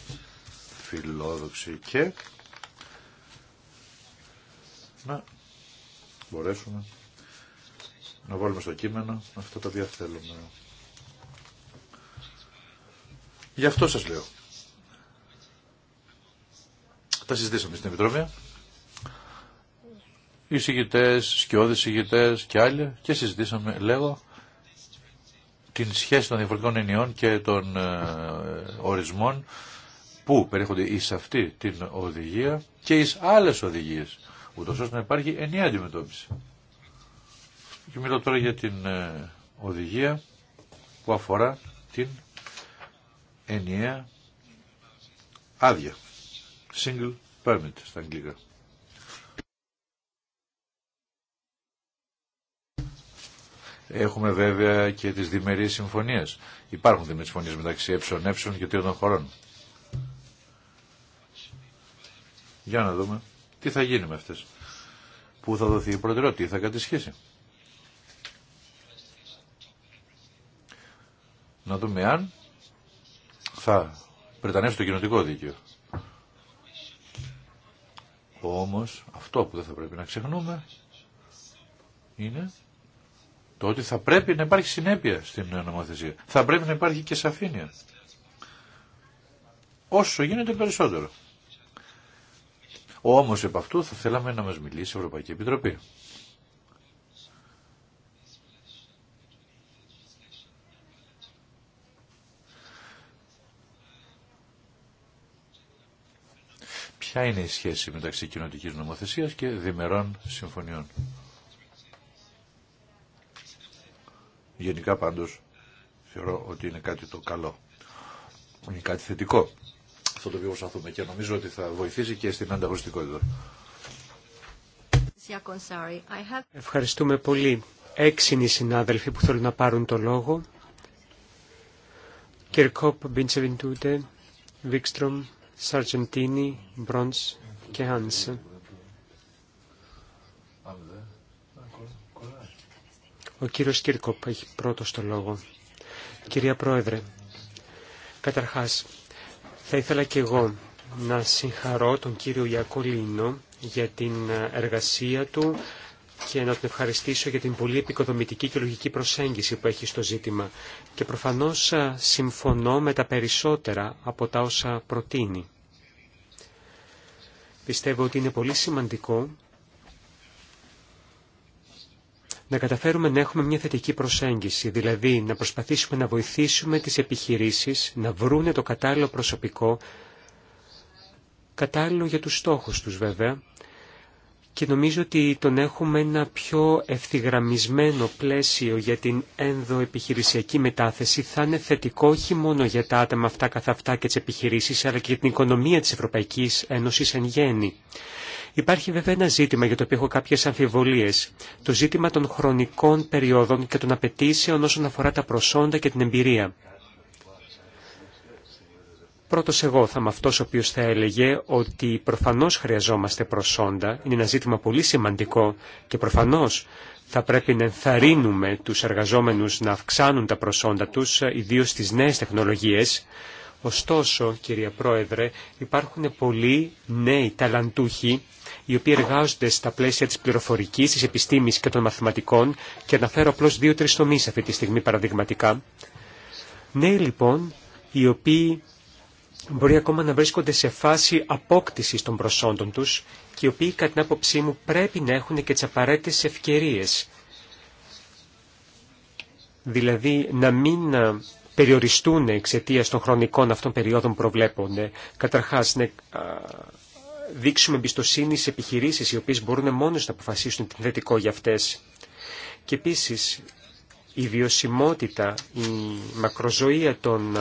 φιλόδοξοι και να μπορέσουμε να βάλουμε στο κείμενο αυτά τα οποία θέλουμε. Γι' αυτό σας λέω. Τα συζητήσαμε στην Επιτροπή. Οι συγητές, σκιώδει συγητέ και άλλοι και συζητήσαμε, λέγω, την σχέση των διαφορετικών ενιών και των ε, ορισμών που περιέχονται ει αυτή την οδηγία και ει άλλες οδηγίες, ούτω ώστε να υπάρχει ενιαία αντιμετώπιση. Και μιλώ τώρα για την ε, οδηγία που αφορά την ενιαία άδεια. Single permit στα αγγλικά. Έχουμε βέβαια και τις διμερείς συμφωνίες. Υπάρχουν διμερείς συμφωνίες μεταξύ ΕΕ και τριών χωρών. Για να δούμε τι θα γίνει με αυτές. Πού θα δοθεί η προτεραιότητα, τι θα κατησχίσει. Να δούμε αν θα πρετανεύσει το κοινωτικό δίκαιο. Όμως αυτό που δεν θα πρέπει να ξεχνούμε είναι το ότι θα πρέπει να υπάρχει συνέπεια στην νομοθεσία. Θα πρέπει να υπάρχει και σαφήνεια. Όσο γίνεται περισσότερο. Όμως επ' αυτού θα θέλαμε να μας μιλήσει η Ευρωπαϊκή Επιτροπή. ποια είναι η σχέση μεταξύ κοινοτική νομοθεσίας και διμερών συμφωνιών. Γενικά πάντως θεωρώ ότι είναι κάτι το καλό. Είναι κάτι θετικό. Αυτό το οποίο προσπαθούμε και νομίζω ότι θα βοηθήσει και στην ανταγωνιστικότητα. Ευχαριστούμε πολύ. Έξι είναι οι συνάδελφοι που θέλουν να πάρουν το λόγο. Κυρκόπ, Μπίντσεβιν Τούτε, Σαρτζεντίνη, Μπρόντς και Ο κύριος Κίρκοπ έχει πρώτος το λόγο. Κυρία Πρόεδρε, καταρχάς θα ήθελα και εγώ να συγχαρώ τον κύριο Ιακολίνο για την εργασία του, και να τον ευχαριστήσω για την πολύ επικοδομητική και λογική προσέγγιση που έχει στο ζήτημα και προφανώς συμφωνώ με τα περισσότερα από τα όσα προτείνει. Πιστεύω ότι είναι πολύ σημαντικό να καταφέρουμε να έχουμε μια θετική προσέγγιση, δηλαδή να προσπαθήσουμε να βοηθήσουμε τις επιχειρήσεις να βρούνε το κατάλληλο προσωπικό, κατάλληλο για τους στόχους τους βέβαια, και νομίζω ότι τον έχουμε ένα πιο ευθυγραμμισμένο πλαίσιο για την ενδοεπιχειρησιακή μετάθεση θα είναι θετικό όχι μόνο για τα άτομα αυτά καθ' αυτά και τις επιχειρήσεις αλλά και για την οικονομία της Ευρωπαϊκής Ένωσης εν γέννη. Υπάρχει βέβαια ένα ζήτημα για το οποίο έχω κάποιες αμφιβολίες. Το ζήτημα των χρονικών περιόδων και των απαιτήσεων όσον αφορά τα προσόντα και την εμπειρία. Πρώτος εγώ θα είμαι αυτός ο οποίος θα έλεγε ότι προφανώς χρειαζόμαστε προσόντα, είναι ένα ζήτημα πολύ σημαντικό και προφανώς θα πρέπει να ενθαρρύνουμε τους εργαζόμενους να αυξάνουν τα προσόντα τους, ιδίως στις νέες τεχνολογίες. Ωστόσο, κυρία Πρόεδρε, υπάρχουν πολλοί νέοι ταλαντούχοι οι οποίοι εργάζονται στα πλαίσια της πληροφορικής, της επιστήμης και των μαθηματικών και αναφέρω απλώς δύο-τρεις τομείς αυτή τη στιγμή παραδειγματικά. Νέοι λοιπόν οι οποίοι μπορεί ακόμα να βρίσκονται σε φάση απόκτησης των προσόντων τους και οι οποίοι κατά την άποψή μου πρέπει να έχουν και τις απαραίτητες ευκαιρίες. Δηλαδή να μην ε, περιοριστούν εξαιτία των χρονικών αυτών περιόδων που προβλέπονται. Καταρχάς να δείξουμε εμπιστοσύνη σε επιχειρήσεις οι οποίες μπορούν μόνος να αποφασίσουν την θετικό για αυτές. Και επίσης η βιωσιμότητα, η μακροζωία των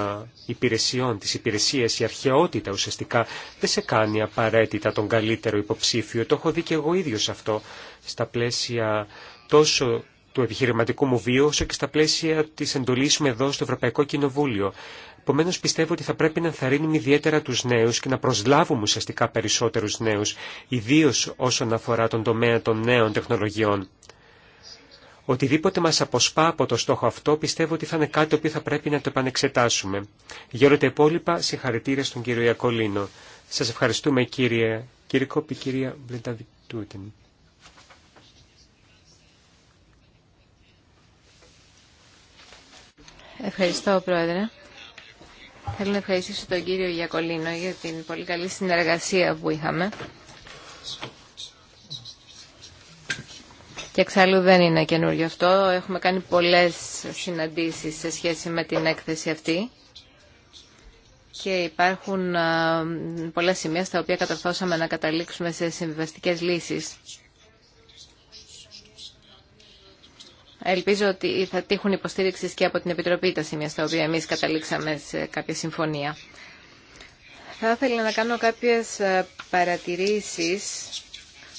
υπηρεσιών, της υπηρεσίας, η αρχαιότητα ουσιαστικά δεν σε κάνει απαραίτητα τον καλύτερο υποψήφιο. Το έχω δει και εγώ ίδιος αυτό στα πλαίσια τόσο του επιχειρηματικού μου βίου όσο και στα πλαίσια της εντολής μου εδώ στο Ευρωπαϊκό Κοινοβούλιο. Επομένω πιστεύω ότι θα πρέπει να ενθαρρύνουμε ιδιαίτερα τους νέους και να προσλάβουμε ουσιαστικά περισσότερους νέους, ιδίως όσον αφορά τον τομέα των νέων τεχνολογιών. Οτιδήποτε μας αποσπά από το στόχο αυτό πιστεύω ότι θα είναι κάτι το οποίο θα πρέπει να το επανεξετάσουμε. Για όλα τα υπόλοιπα συγχαρητήρια στον κύριο Ιακολίνο. Σας ευχαριστούμε κύριε Κυρικόπη, κυρία Μπλενταβιτούτιν. Ευχαριστώ πρόεδρε. Θέλω να ευχαριστήσω τον κύριο Γιακολίνο για την πολύ καλή συνεργασία που είχαμε. Και εξάλλου δεν είναι καινούριο αυτό. Έχουμε κάνει πολλές συναντήσεις σε σχέση με την έκθεση αυτή και υπάρχουν πολλά σημεία στα οποία καταρθώσαμε να καταλήξουμε σε συμβιβαστικές λύσεις. Ελπίζω ότι θα τύχουν υποστήριξη και από την Επιτροπή τα σημεία στα οποία εμείς καταλήξαμε σε κάποια συμφωνία. Θα ήθελα να κάνω κάποιες παρατηρήσεις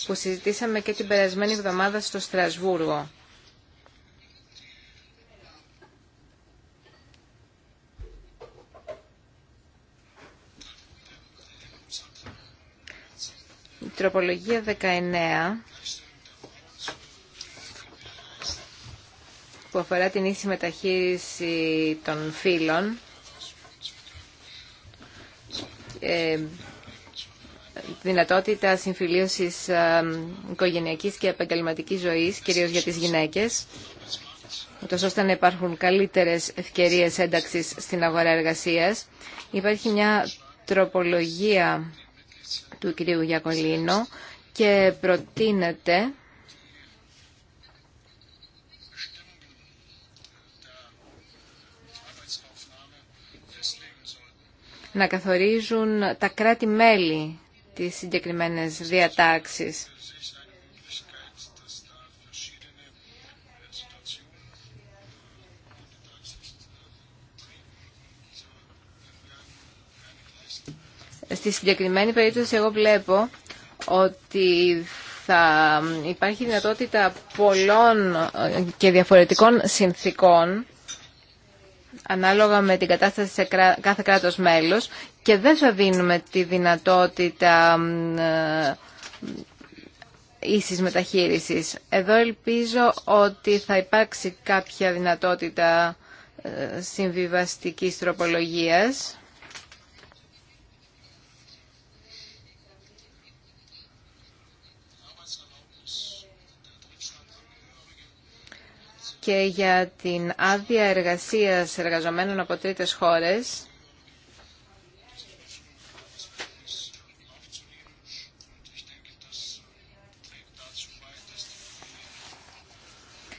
που συζητήσαμε και την περασμένη εβδομάδα στο Στρασβούργο. Η τροπολογία 19 που αφορά την ίση μεταχείριση των φύλων ε, δυνατότητα συμφιλίωσης ε, οικογενειακής και επαγγελματικής ζωής, κυρίως για τις γυναίκες, ούτως ώστε να υπάρχουν καλύτερες ευκαιρίες ένταξης στην αγορά εργασίας. Υπάρχει μια τροπολογία του κυρίου Γιακολίνο και προτείνεται να καθορίζουν τα κράτη-μέλη τις συγκεκριμένες διατάξεις. Στη συγκεκριμένη περίπτωση εγώ βλέπω ότι θα υπάρχει δυνατότητα πολλών και διαφορετικών συνθήκων ανάλογα με την κατάσταση σε κάθε κράτος μέλος και δεν θα δίνουμε τη δυνατότητα ε, ίσης μεταχείρισης. Εδώ ελπίζω ότι θα υπάρξει κάποια δυνατότητα ε, συμβιβαστικής τροπολογίας και για την άδεια εργασίας εργαζομένων από τρίτες χώρες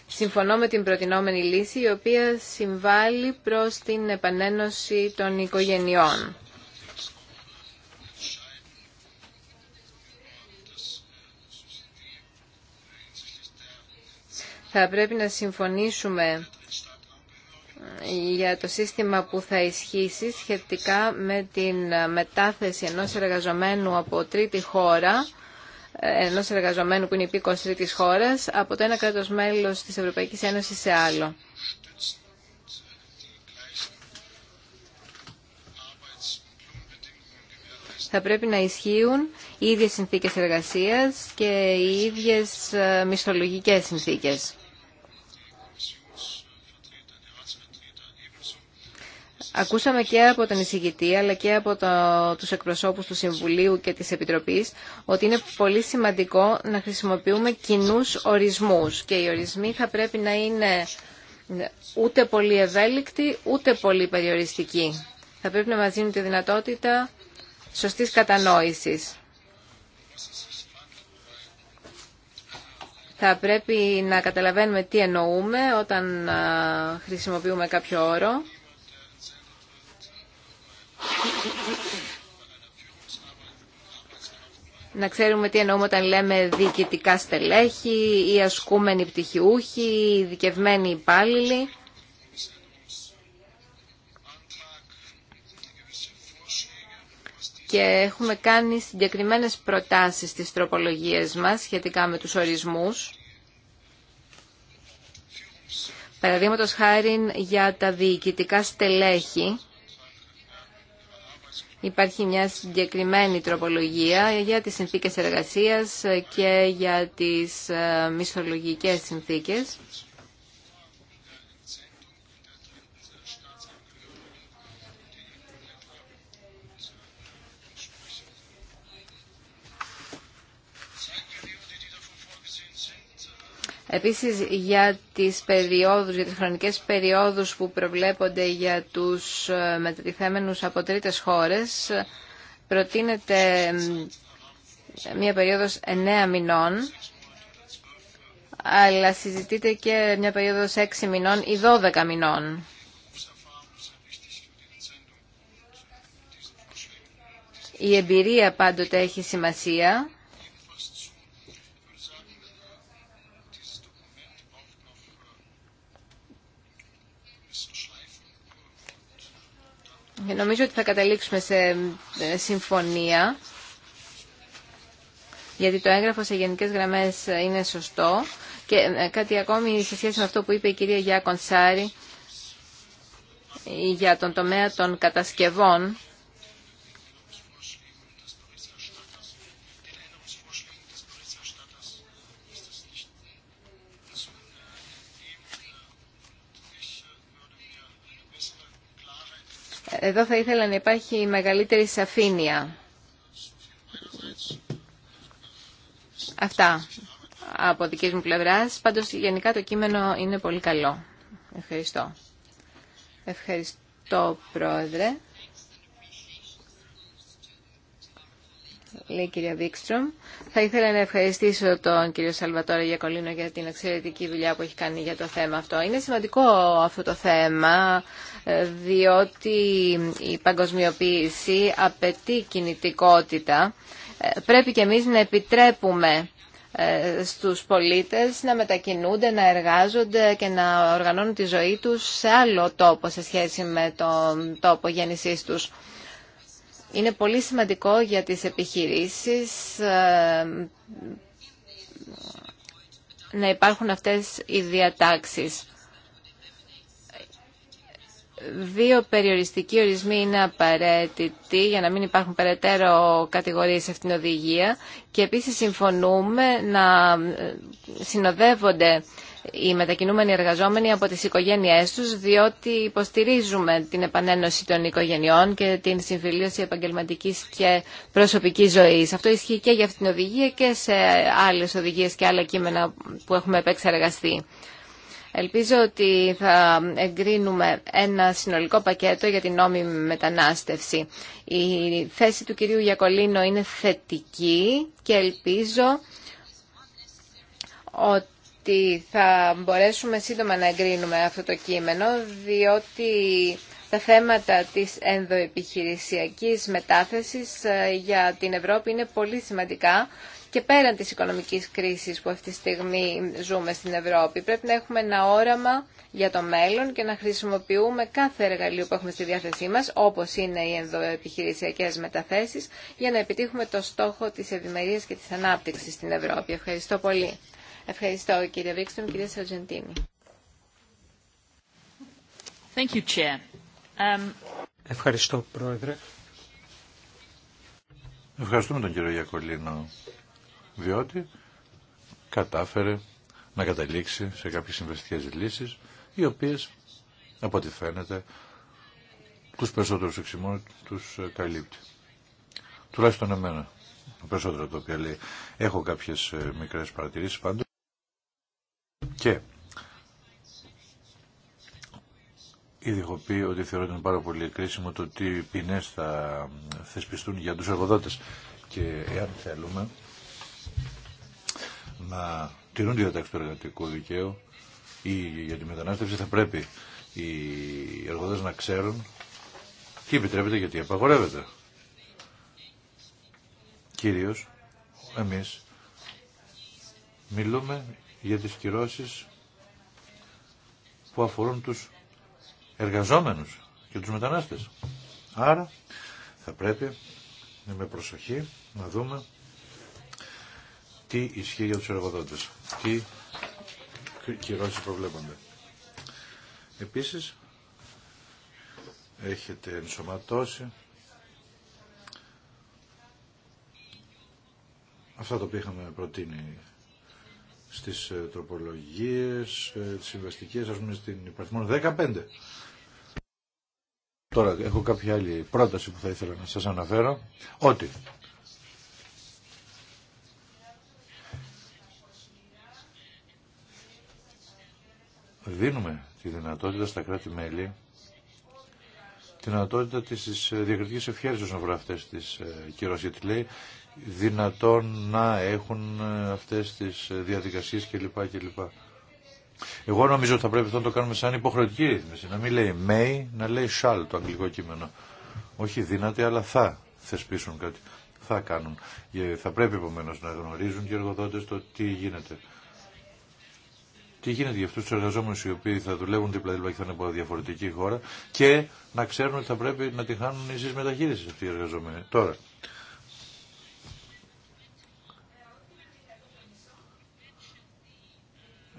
Συμφωνώ με την προτινόμενη λύση η οποία συμβάλλει προς την επανένωση των οικογενειών. θα πρέπει να συμφωνήσουμε ε, για το σύστημα που θα ισχύσει σχετικά με την ε, μετάθεση ενός εργαζομένου από τρίτη χώρα ε, ενός εργαζομένου που είναι υπήκος τρίτης χώρας από το ένα κράτος μέλος της Ευρωπαϊκής Ένωσης σε άλλο. θα πρέπει να ισχύουν οι ίδιες συνθήκες εργασίας και οι ίδιες μισθολογικές συνθήκες. Ακούσαμε και από τον εισηγητή αλλά και από τους εκπροσώπους του Συμβουλίου και της Επιτροπής ότι είναι πολύ σημαντικό να χρησιμοποιούμε κοινού ορισμούς και οι ορισμοί θα πρέπει να είναι ούτε πολύ ευέλικτοι ούτε πολύ περιοριστικοί. Θα πρέπει να μας δίνουν τη δυνατότητα σωστής κατανόησης. Θα πρέπει να καταλαβαίνουμε τι εννοούμε όταν χρησιμοποιούμε κάποιο όρο να ξέρουμε τι εννοούμε όταν λέμε διοικητικά στελέχη ή ασκούμενοι πτυχιούχοι ή ειδικευμένοι υπάλληλοι. Και έχουμε κάνει συγκεκριμένες προτάσεις στις τροπολογίες μας σχετικά με τους ορισμούς. Παραδείγματος χάρη για τα διοικητικά στελέχη. Υπάρχει μια συγκεκριμένη τροπολογία για τις συνθήκες εργασίας και για τις ε, μισθολογικές συνθήκες. Επίσης για τις περιόδους, για χρονικές περιόδους που προβλέπονται για τους ε, μετατιθέμενους από τρίτες χώρες προτείνεται μια περίοδος εννέα μηνών αλλά συζητείται και μια περίοδος μηνών ή μηνών ή 12 μηνών. Η δωδεκα μηνων πάντοτε έχει σημασία Νομίζω ότι θα καταλήξουμε σε ε, συμφωνία, γιατί το έγγραφο σε γενικές γραμμές ε, είναι σωστό. Και ε, κάτι ακόμη σε σχέση με αυτό που είπε η κυρία Γιάκον Σάρη για τον τομέα των κατασκευών, Εδώ θα ήθελα να υπάρχει μεγαλύτερη σαφήνεια. Αυτά από δική μου πλευράς. Πάντως γενικά το κείμενο είναι πολύ καλό. Ευχαριστώ. Ευχαριστώ Πρόεδρε. λέει η κυρία Βίξτρομ. Θα ήθελα να ευχαριστήσω τον κύριο Σαλβατόρα Γιακολίνο για την εξαιρετική δουλειά που έχει κάνει για το θέμα αυτό. Είναι σημαντικό αυτό το θέμα, ε, διότι η παγκοσμιοποίηση απαιτεί κινητικότητα. Ε, πρέπει και εμείς να επιτρέπουμε ε, στους πολίτες να μετακινούνται, να εργάζονται και να οργανώνουν τη ζωή τους σε άλλο τόπο σε σχέση με τον τόπο γέννησής τους. Είναι πολύ σημαντικό για τις επιχειρήσεις ε, να υπάρχουν αυτές οι διατάξεις. Δύο περιοριστικοί ορισμοί είναι απαραίτητοι για να μην υπάρχουν περαιτέρω κατηγορίες σε αυτήν την οδηγία και επίσης συμφωνούμε να συνοδεύονται οι μετακινούμενοι εργαζόμενοι από τις οικογένειές τους, διότι υποστηρίζουμε την επανένωση των οικογενειών και την συμφιλίωση επαγγελματικής και προσωπικής ζωής. Αυτό ισχύει και για αυτήν την οδηγία και σε άλλες οδηγίες και άλλα κείμενα που έχουμε επεξεργαστεί. Ελπίζω ότι θα εγκρίνουμε ένα συνολικό πακέτο για την νόμιμη μετανάστευση. Η θέση του κυρίου Γιακολίνου είναι θετική και ελπίζω ότι ότι θα μπορέσουμε σύντομα να εγκρίνουμε αυτό το κείμενο, διότι τα θέματα της ενδοεπιχειρησιακής μετάθεσης ε, για την Ευρώπη είναι πολύ σημαντικά και πέραν της οικονομικής κρίσης που αυτή τη στιγμή ζούμε στην Ευρώπη. Πρέπει να έχουμε ένα όραμα για το μέλλον και να χρησιμοποιούμε κάθε εργαλείο που έχουμε στη διάθεσή μας, όπως είναι οι ενδοεπιχειρησιακές μεταθέσεις, για να επιτύχουμε το στόχο της ευημερίας και της ανάπτυξης στην Ευρώπη. Ευχαριστώ πολύ. Ευχαριστώ κύριε Βίξτον, κυρία Σαρτζεντίνη. Um, Ευχαριστώ, Πρόεδρε. Ευχαριστούμε τον κύριο Γιακολίνο, διότι κατάφερε να καταλήξει σε κάποιες συμβεστικές λύσεις, οι οποίες, από ό,τι φαίνεται, τους περισσότερους εξημών τους ε, καλύπτει. Τουλάχιστον εμένα, περισσότερο το το λέει. Έχω κάποιες ε, μικρές παρατηρήσεις πάντως. Και ήδη έχω πει ότι θεωρώ ότι είναι πάρα πολύ κρίσιμο το τι ποινέ θα θεσπιστούν για τους εργοδότες και εάν θέλουμε να τηρούν τη διατάξη του εργατικού δικαίου ή για τη μετανάστευση θα πρέπει οι εργοδότες να ξέρουν τι επιτρέπεται γιατί απαγορεύεται. Κυρίως εμείς μιλούμε για τις κυρώσεις που αφορούν τους εργαζόμενους και τους μετανάστες. Άρα θα πρέπει με προσοχή να δούμε τι ισχύει για τους εργοδότες, τι κυρώσεις προβλέπονται. Επίσης, έχετε ενσωματώσει αυτά τα οποία είχαμε προτείνει στις ε, τροπολογίες, ε, τις συμβαστικές, ας πούμε στην υπαριθμό 15. Τώρα έχω κάποια άλλη πρόταση που θα ήθελα να σας αναφέρω, ότι δίνουμε τη δυνατότητα στα κράτη-μέλη τη δυνατότητα της ε, διακριτικής ευχαίρεσης όσον αφορά αυτές τις κυρώσεις. λέει δυνατόν να έχουν ε, αυτές τις ε, διαδικασίες κλπ. κλπ. Εγώ νομίζω ότι θα πρέπει αυτό να το κάνουμε σαν υποχρεωτική ρύθμιση. Να μην λέει may, να λέει shall το αγγλικό κείμενο. Όχι δυνατή, αλλά θα θεσπίσουν κάτι. Θα κάνουν. Θα πρέπει επομένω να γνωρίζουν και οι εργοδότε το τι γίνεται. Τι γίνεται για αυτού του εργαζόμενου οι οποίοι θα δουλεύουν δίπλα-δίπλα και θα είναι από διαφορετική χώρα και να ξέρουν ότι θα πρέπει να τη χάνουν οι μεταχείριση αυτοί οι εργαζόμενοι. Τώρα,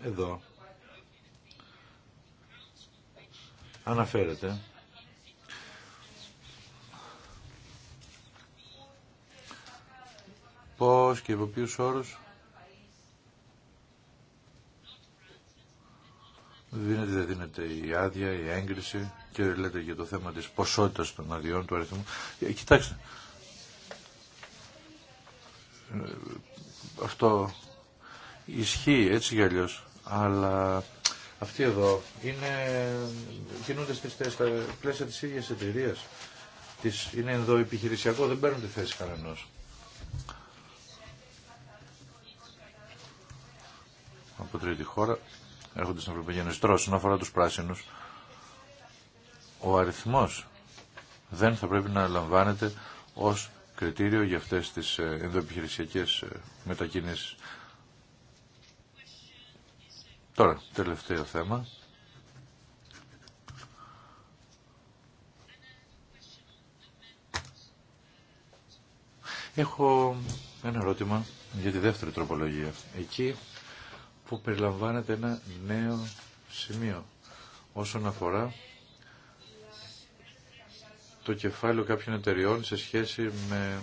εδώ αναφέρεται πώς και από ποιους όρους δίνεται, δεν δίνεται η άδεια, η έγκριση και λέτε για το θέμα της ποσότητας των αδειών του αριθμού. Ε, κοιτάξτε, ε, αυτό ισχύει έτσι κι αλλιώς αλλά αυτοί εδώ είναι, κινούνται στις, στα πλαίσια της ίδιας εταιρεία. είναι εδώ δεν παίρνουν τη θέση κανένας. Από τρίτη χώρα έρχονται στην Ευρωπαϊκή Ένωση. Τώρα, όσον αφορά τους πράσινους, ο αριθμός δεν θα πρέπει να λαμβάνεται ως κριτήριο για αυτές τις ε, ενδοεπιχειρησιακές ε, μετακινήσεις. Τώρα, τελευταίο θέμα. Έχω ένα ερώτημα για τη δεύτερη τροπολογία. Εκεί που περιλαμβάνεται ένα νέο σημείο όσον αφορά το κεφάλαιο κάποιων εταιριών σε σχέση με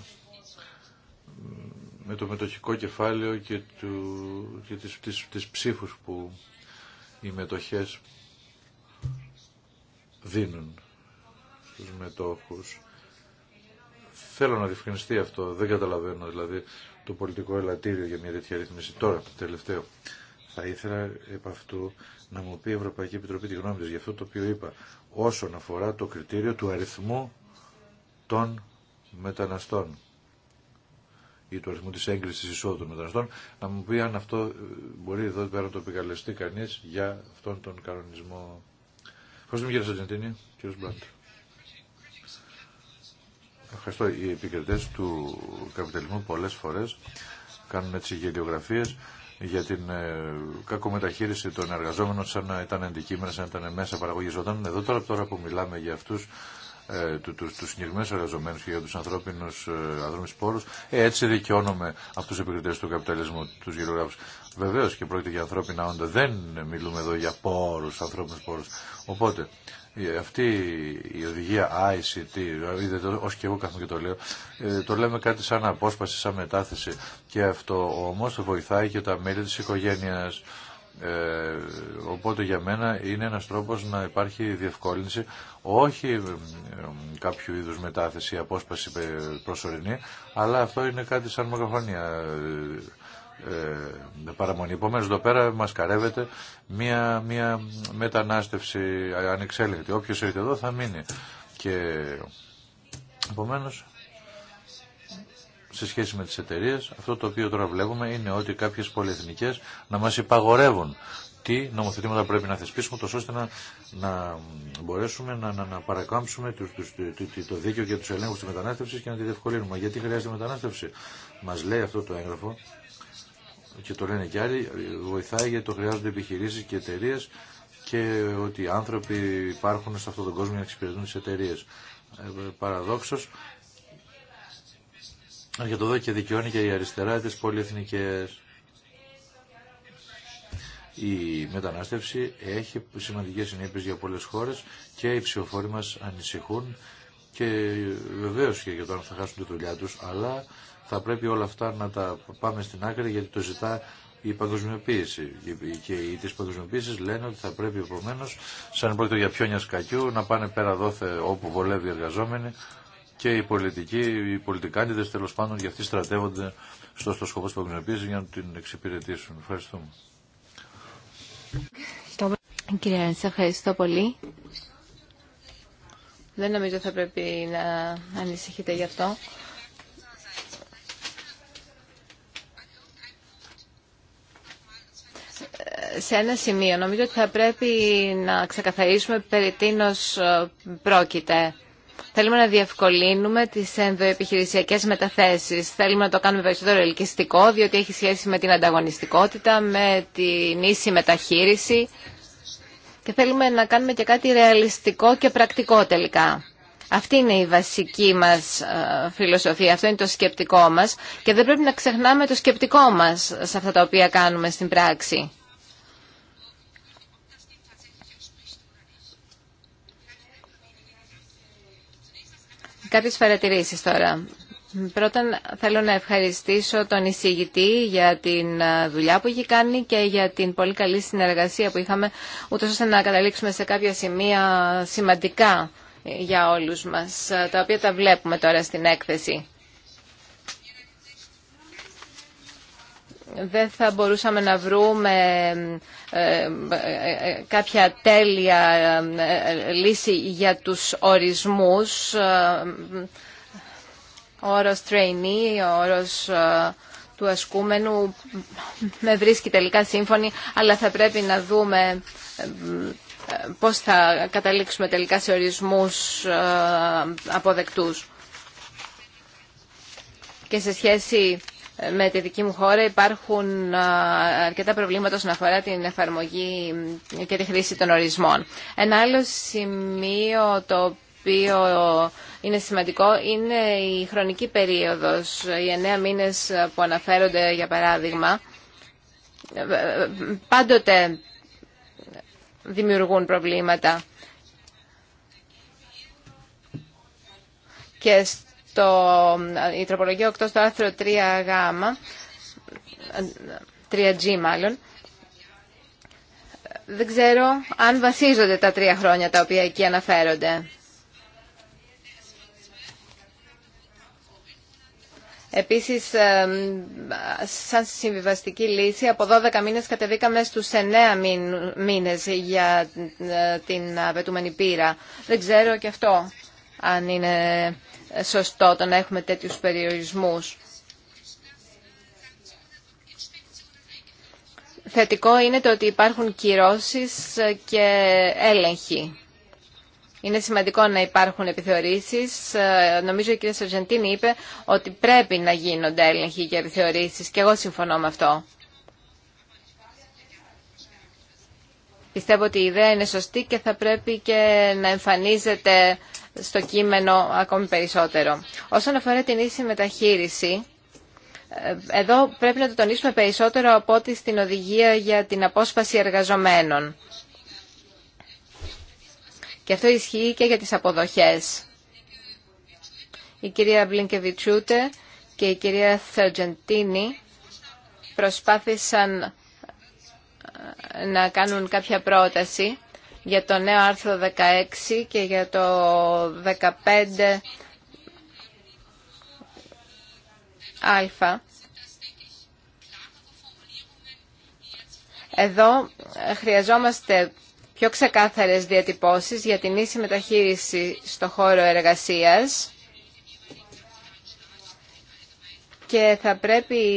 με το μετοχικό κεφάλαιο και, του, και τις, τις, ψήφους που οι μετοχές δίνουν στους μετόχους. Θέλω να διευκρινιστεί αυτό, δεν καταλαβαίνω δηλαδή το πολιτικό ελαττήριο για μια τέτοια ρύθμιση. Τώρα, τελευταίο, θα ήθελα επ' αυτού να μου πει η Ευρωπαϊκή Επιτροπή τη γνώμη της για αυτό το οποίο είπα όσον αφορά το κριτήριο του αριθμού των μεταναστών ή του αριθμού τη έγκριση εισόδου των μεταναστών, να μου πει αν αυτό ε, μπορεί εδώ πέρα να το επικαλεστεί κανεί για αυτόν τον κανονισμό. Ευχαριστούμε κύριε Σαντζεντίνη, κύριο Μπλάντ. Ευχαριστώ. Οι επικριτέ του καπιταλισμού Πολλέ φορέ κάνουν έτσι γελιογραφίε για την ε, κακομεταχείριση των εργαζόμενων σαν να ήταν αντικείμενα, σαν να ήταν μέσα παραγωγή. Όταν εδώ τώρα, τώρα που μιλάμε για αυτού ε, του, του, τους συγκεκριμένους εργαζομένους και για του ανθρώπινους ε, ανθρώπινους πόρους. Ε, έτσι δικαιώνομαι αυτού του επικριτέ του καπιταλισμού, του γερογράφους. Βεβαίω και πρόκειται για ανθρώπινα όντα. Δεν μιλούμε εδώ για πόρους, ανθρώπινους πόρου. Οπότε, αυτή η οδηγία ICT, είδατε, ω και εγώ κάθομαι και το λέω, ε, το λέμε κάτι σαν απόσπαση, σαν μετάθεση και αυτό όμως βοηθάει και τα μέλη τη οικογένεια. Ε, οπότε για μένα είναι ένας τρόπος να υπάρχει διευκόλυνση, όχι ε, κάποιο είδους μετάθεση, απόσπαση ε, προσωρινή, αλλά αυτό είναι κάτι σαν Ε, παραμονή. Επομένως εδώ πέρα μας καρεύεται μια, μια μετανάστευση ανεξέλεγκτη. Όποιος έρχεται εδώ θα μείνει. Και επομένως σε σχέση με τις εταιρείε, αυτό το οποίο τώρα βλέπουμε είναι ότι κάποιες πολυεθνικές να μας υπαγορεύουν τι νομοθετήματα πρέπει να θεσπίσουμε τόσο ώστε να, μπορέσουμε να, να, να παρακάμψουμε το, το δίκαιο για τους ελέγχους της μετανάστευσης και να τη διευκολύνουμε. Γιατί χρειάζεται μετανάστευση. Μας λέει αυτό το έγγραφο και το λένε και άλλοι, βοηθάει γιατί το χρειάζονται επιχειρήσεις και εταιρείε και ότι οι άνθρωποι υπάρχουν σε αυτόν τον κόσμο για να εξυπηρετούν τις εταιρείε. Παραδόξω για το δω και δικαιώνει και η αριστερά τις πολυεθνικές. Η μετανάστευση έχει σημαντικές συνέπειες για πολλές χώρες και οι ψηφοφόροι μας ανησυχούν και βεβαίως και για το αν θα χάσουν τη δουλειά τους, αλλά θα πρέπει όλα αυτά να τα πάμε στην άκρη γιατί το ζητά η παγκοσμιοποίηση. Και οι τη παγκοσμιοποίηση λένε ότι θα πρέπει επομένω, σαν πρόκειται για πιόνια σκακιού, να πάνε πέρα δόθε όπου βολεύει οι εργαζόμενοι, και οι πολιτικοί, οι πολιτικάντες τέλο πάντων για αυτοί στρατεύονται στο, στο σκοπό της παγκοσμιοποίησης για να την εξυπηρετήσουν. Ευχαριστούμε. Κύριε, σε ευχαριστώ πολύ. Δεν νομίζω θα πρέπει να ανησυχείτε γι' αυτό. σε ένα σημείο. Νομίζω ότι θα πρέπει να ξεκαθαρίσουμε περί τίνος πρόκειται. Θέλουμε να διευκολύνουμε τις ενδοεπιχειρησιακές μεταθέσεις. Θέλουμε να το κάνουμε περισσότερο ελκυστικό, διότι έχει σχέση με την ανταγωνιστικότητα, με την ίση μεταχείριση. Και θέλουμε να κάνουμε και κάτι ρεαλιστικό και πρακτικό τελικά. Αυτή είναι η βασική μας ε, φιλοσοφία, αυτό είναι το σκεπτικό μα και δεν πρέπει να ξεχνάμε το σκεπτικό μα σε αυτά τα οποία κάνουμε στην πράξη. Κάποιες παρατηρήσεις τώρα. Πρώτα θέλω να ευχαριστήσω τον εισηγητή για την ε, δουλειά που έχει κάνει και για την πολύ καλή συνεργασία που είχαμε, ούτως ώστε να καταλήξουμε σε κάποια σημεία σημαντικά ε, για όλους μας, ε, τα οποία τα βλέπουμε τώρα στην έκθεση. δεν θα μπορούσαμε να βρούμε ε, ε, ε, κάποια τέλεια λύση για τους ορισμούς. Ο όρος trainee, ο όρος του ασκούμενου με βρίσκει τελικά σύμφωνη, αλλά θα πρέπει να δούμε πώς θα καταλήξουμε τελικά σε ορισμούς αποδεκτούς. Και σε σχέση με τη δική μου χώρα υπάρχουν αρκετά προβλήματα όσον αφορά την εφαρμογή και τη χρήση των ορισμών. Ένα άλλο σημείο το οποίο είναι σημαντικό είναι η χρονική περίοδος, οι εννέα μήνες που αναφέρονται για παράδειγμα. Πάντοτε δημιουργούν προβλήματα. Και το, η τροπολογία 8 στο άρθρο 3 3Γ, 3 3G μάλλον, δεν ξέρω αν βασίζονται τα τρία χρόνια τα οποία εκεί αναφέρονται. Επίσης, ε, σαν συμβιβαστική λύση, από 12 μήνες κατεβήκαμε στους 9 μήνες για ε, την απαιτούμενη πείρα. Δεν ξέρω και αυτό αν είναι σωστό το να έχουμε τέτοιους περιορισμούς. Θετικό είναι το ότι υπάρχουν κυρώσεις και έλεγχοι. Είναι σημαντικό να υπάρχουν επιθεωρήσεις. Νομίζω η κυρία Σαρζεντίνη είπε ότι πρέπει να γίνονται έλεγχοι και επιθεωρήσεις και εγώ συμφωνώ με αυτό. Πιστεύω ότι η ιδέα είναι σωστή και θα πρέπει και να εμφανίζεται στο κείμενο ακόμη περισσότερο. Όσον αφορά την ίση μεταχείριση, ε, εδώ πρέπει να το τονίσουμε περισσότερο από ό,τι στην οδηγία για την απόσπαση εργαζομένων. Και αυτό ισχύει και για τις αποδοχές. Η κυρία Μπλίνκεβιτσούτε και η κυρία Θερτζεντίνη προσπάθησαν ε, να κάνουν κάποια πρόταση για το νέο άρθρο 16 και για το 15α. Εδώ χρειαζόμαστε πιο ξεκάθαρες διατυπώσεις για την ίση μεταχείριση στο χώρο εργασίας και θα πρέπει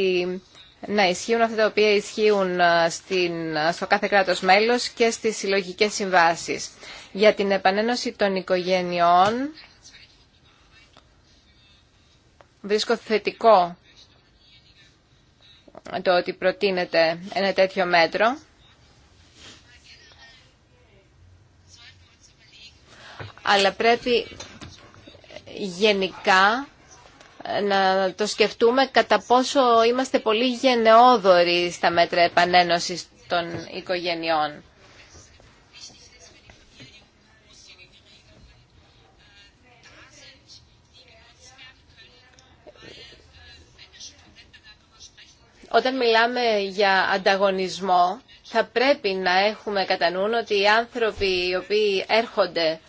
να ισχύουν αυτά τα οποία ισχύουν ε, στο κάθε κράτος μέλος και στις συλλογικές συμβάσεις. Για την επανένωση των οικογενειών βρίσκω θετικό το ότι προτείνεται ένα τέτοιο μέτρο. Αλλά πρέπει γενικά να το σκεφτούμε κατά πόσο είμαστε πολύ γενναιόδοροι στα μέτρα επανένωσης των οικογενειών. Όταν μιλάμε για ανταγωνισμό, θα πρέπει να έχουμε κατά νου ότι οι άνθρωποι οι οποίοι έρχονται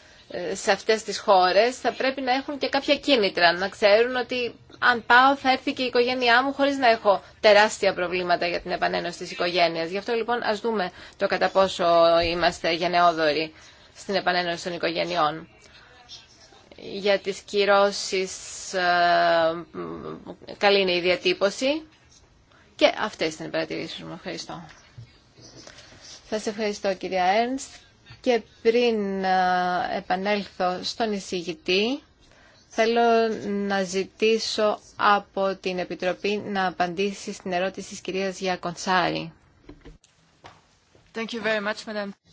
σε αυτές τις χώρες θα πρέπει να έχουν και κάποια κίνητρα, να ξέρουν ότι αν πάω θα έρθει και η οικογένειά μου χωρίς να έχω τεράστια προβλήματα για την επανένωση της οικογένειας. Γι' αυτό λοιπόν ας δούμε το κατά πόσο είμαστε γενναιόδοροι στην επανένωση των οικογενειών. Για τις κυρώσεις ε, καλή είναι η διατύπωση και αυτές ήταν οι παρατηρήσεις μου. Ευχαριστώ. Σας ευχαριστώ κυρία Έρνστ και πριν επανέλθω στον εισηγητή, θέλω να ζητήσω από την Επιτροπή να απαντήσει στην ερώτηση της κυρίας Γιακονσάρη.